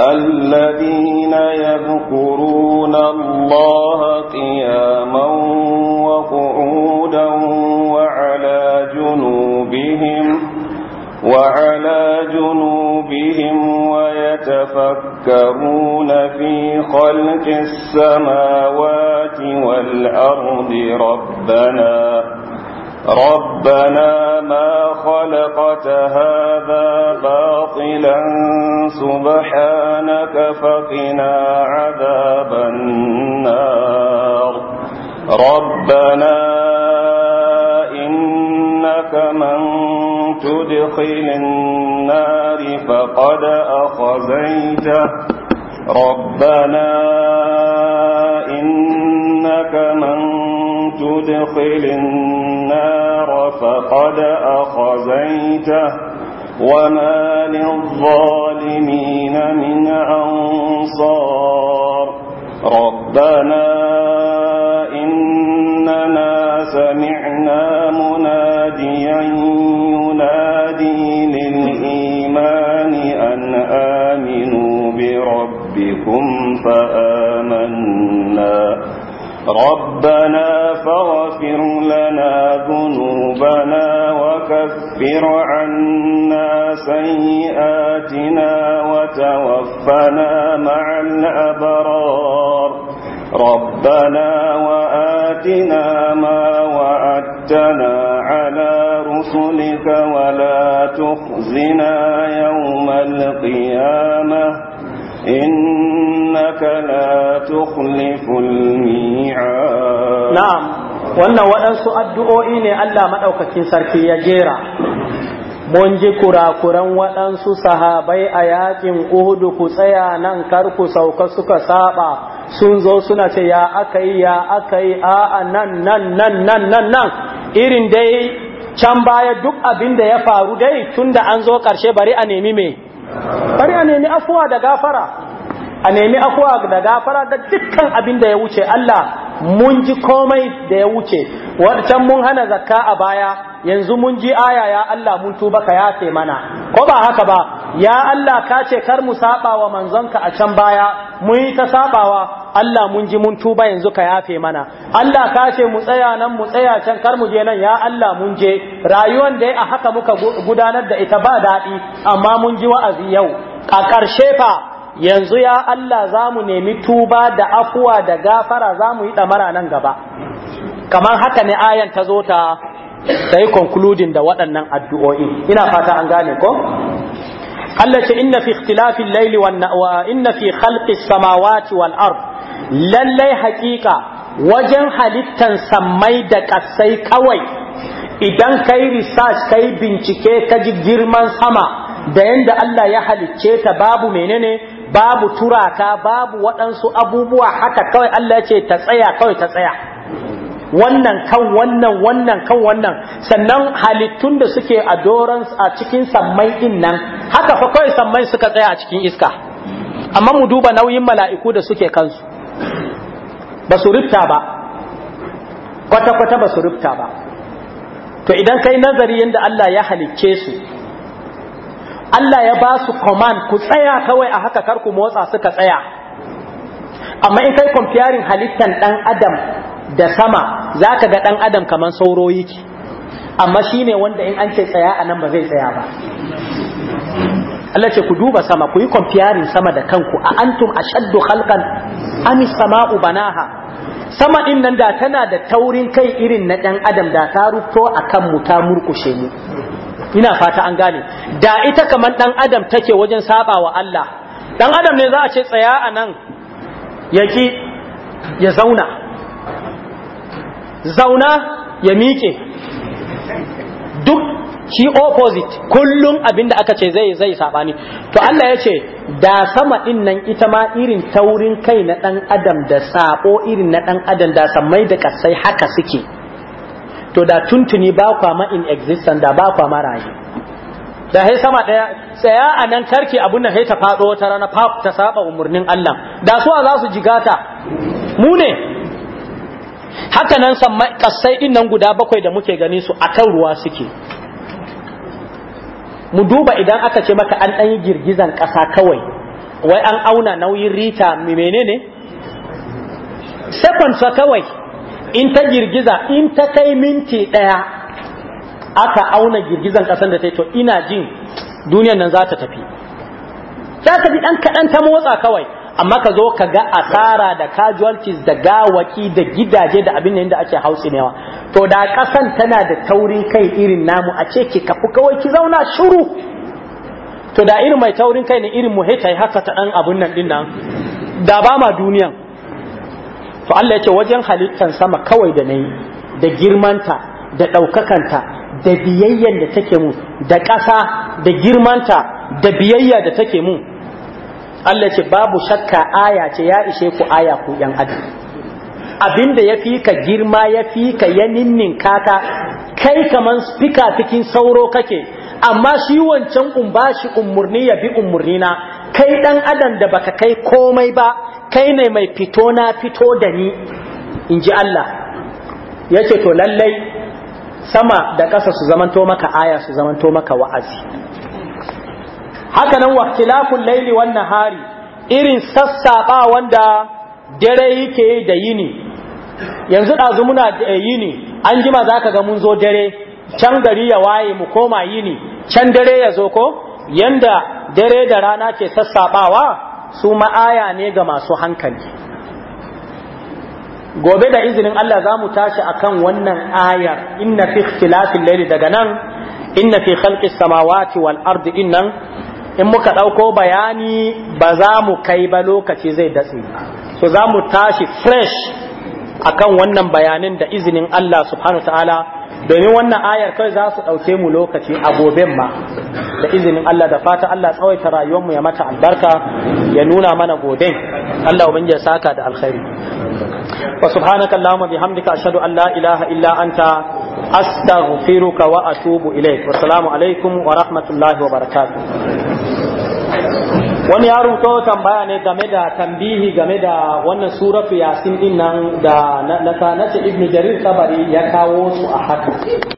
الذين يذكرون الله قياما وقعودا وعلى جنوبهم وعلى جنوبهم ويتفكرون في خلق السماوات والأرض ربنا ربنا ما خلقت هذا باطلا سبحانه سبحانك فقنا عذاب النار ربنا إنك من تدخل النار فقد أخزيته ربنا إنك من تدخل النار فقد أخزيته وما للظالمين الظالمين من أنصار ربنا إننا سمعنا مناديا ينادي للإيمان أن آمنوا بربكم فآمنا ربنا فاغفر لنا ذنوبنا وكفر يكفر عنا سيئاتنا وتوفنا مع الأبرار ربنا وآتنا ما وعدتنا على رسلك ولا تخزنا يوم القيامة إنك لا تخلف الميعاد نعم wannan waɗansu addu'o'i ne Allah maɗaukakin sarki ya jera mun ji kurakuran waɗansu sahabai a yakin uhudu ku tsaya nan kar ku sauka suka saba sun zo suna ce ya aka yi ya aka yi a nan nan nan nan nan nan irin dai can baya duk abin da ya faru dai tun da an zo ƙarshe bari a nemi me bari a nemi afuwa da gafara a nemi afuwa da gafara da dukkan abin da ya wuce Allah mun ji komai da ya wuce wancan mun hana zakka a baya yanzu mun ji aya ya Allah mun tuba ka yafe mana ko ba haka ba ya Allah ka ce kar mu saba wa manzonka a can baya mu yi ta sabawa Allah mun ji mun tuba yanzu ka yafe mana Allah ka ce mu tsaya nan mu tsaya can kar mu je nan ya Allah mun je rayuwar da a haka muka gudanar da ita ba daɗi amma mun ji wa'azi yau a ƙarshe fa yanzu ya Allah za mu nemi tuba da afuwa da gafara za mu yi ɗamara nan gaba kamar haka ne ayan ta zo ta ta yi konkludin da waɗannan addu'o'i ina fata an gane ko Allah ce inna fi ikhtilafin laili wa inna fi khalqis samawati wal ard lallai haƙiƙa wajen halittan sammai da ƙasai kawai idan kai research kai bincike ka ji girman sama da yadda Allah ya halicce ta babu menene babu turaka babu waɗansu abubuwa haka kawai Allah ya ce ta tsaya kawai ta tsaya wannan kan wannan wannan kan wannan sannan halittun da suke a doron a cikin sammai din nan haka fa kawai sammai suka tsaya a cikin iska amma mu duba nauyin mala'iku da suke kansu ba su rufta ba kwata-kwata ba su rufta ba to idan kai nazari yadda Allah ya halicce su Allah ya ba su command ku tsaya kawai a haka kar ku motsa suka tsaya amma in kai comparing halittan dan adam da sama zaka ga dan adam kaman sauro yake amma shine wanda in an ce tsaya a nan ba zai tsaya ba Allah ce ku duba sama ku yi comparing sama da kanku a antum ashaddu khalqan am samau banaha sama din nan da tana da taurin kai irin na dan adam da ta rufto akan mu ta murkushe mu ina fata an gane da ita kamar dan adam take wajen saba wa Allah dan adam ne za a ce tsaya a nan yaki ya zauna zauna ya miƙe duk shi opposite kullum abinda aka ce zai zai sabani to Allah ya ce da sama din nan ita ma irin taurin kai na dan adam da sabo irin na dan adam da sammai da kasai haka suke to da tuntuni ba kwa ma in existence da ba kwa ma da hai sama daya tsaya a nan karki abun nan hai ta fado wata rana ta saba umurnin Allah da su za su jigata mu ne haka nan kasai din nan guda bakwai da muke gani su akan ruwa suke mu duba idan aka ce maka an ɗan yi girgizan ƙasa kawai wai an auna nauyin rita menene second kawai in ta girgiza in ta kai minti ɗaya aka auna girgizan ƙasar da ta yi to ina jin duniyan nan za ta tafi za ta bi ɗan kaɗan ta motsa kawai amma ka zo ka ga asara da casualties da gawaki da gidaje da abin da ake hautsinewa to da ƙasan tana da taurin kai irin namu a ce ki kafu kawai ki zauna shuru to da irin mai taurin kai ne irin mu haka ta ɗan abun nan ɗin nan da ba ma duniyan to Allah ya ce wajen halittan sama kawai da nayi da girmanta da ɗaukakanta da biyayyan da take mu da ƙasa da girmanta da biyayya da take mu Allah ce babu shakka aya ce ya ishe ku aya ku yan adam abinda ya fi ka girma ya fi ka ya ninnin kaka kai kaman fika cikin sauro kake amma shi wancan umbashi umurni ya bi umurni kai dan adam da baka kai komai ba kai ne mai fito na fito da ni in ji Allah ya ce to lallai sama da ƙasa su zamanto maka aya su zamanto maka wa'azi haka nan waktilafun laili wannan hari irin sassaɓa wanda dare yake da yini yanzu ɗazu muna da yini an jima za ka ga mun zo dare can gari ya waye mu koma yini can dare ya zo ko yanda dare da rana ke sassaɓawa su ma'aya ne ga masu hankali gobe da izinin Allah za mu tashi akan wannan ayar inna fi ikhtilafil layli daga nan inna fi khalqis samawati wal ardi innan in muka ɗauko bayani ba za mu kai ba lokaci zai datse so za mu tashi fresh akan wannan bayanin da izinin Allah subhanahu wa ta'ala domin wannan ayar kai za su ɗauke mu lokaci a goben ma da izinin Allah da fata Allah tsawaita rayuwar mu ya mata albarka ya nuna mana goben Allah ubangiji ya saka da alkhairi wa subhanaka allahumma bihamdika ashhadu an la ilaha illa anta astaghfiruka wa atubu ilaik wa salamu alaikum wa rahmatullahi wa barakatuh wani ya rubuto tambaya ne game da tambihi game da wannan suratu yasin din nan da na nace ibnu jarir tabari ya kawo su a haka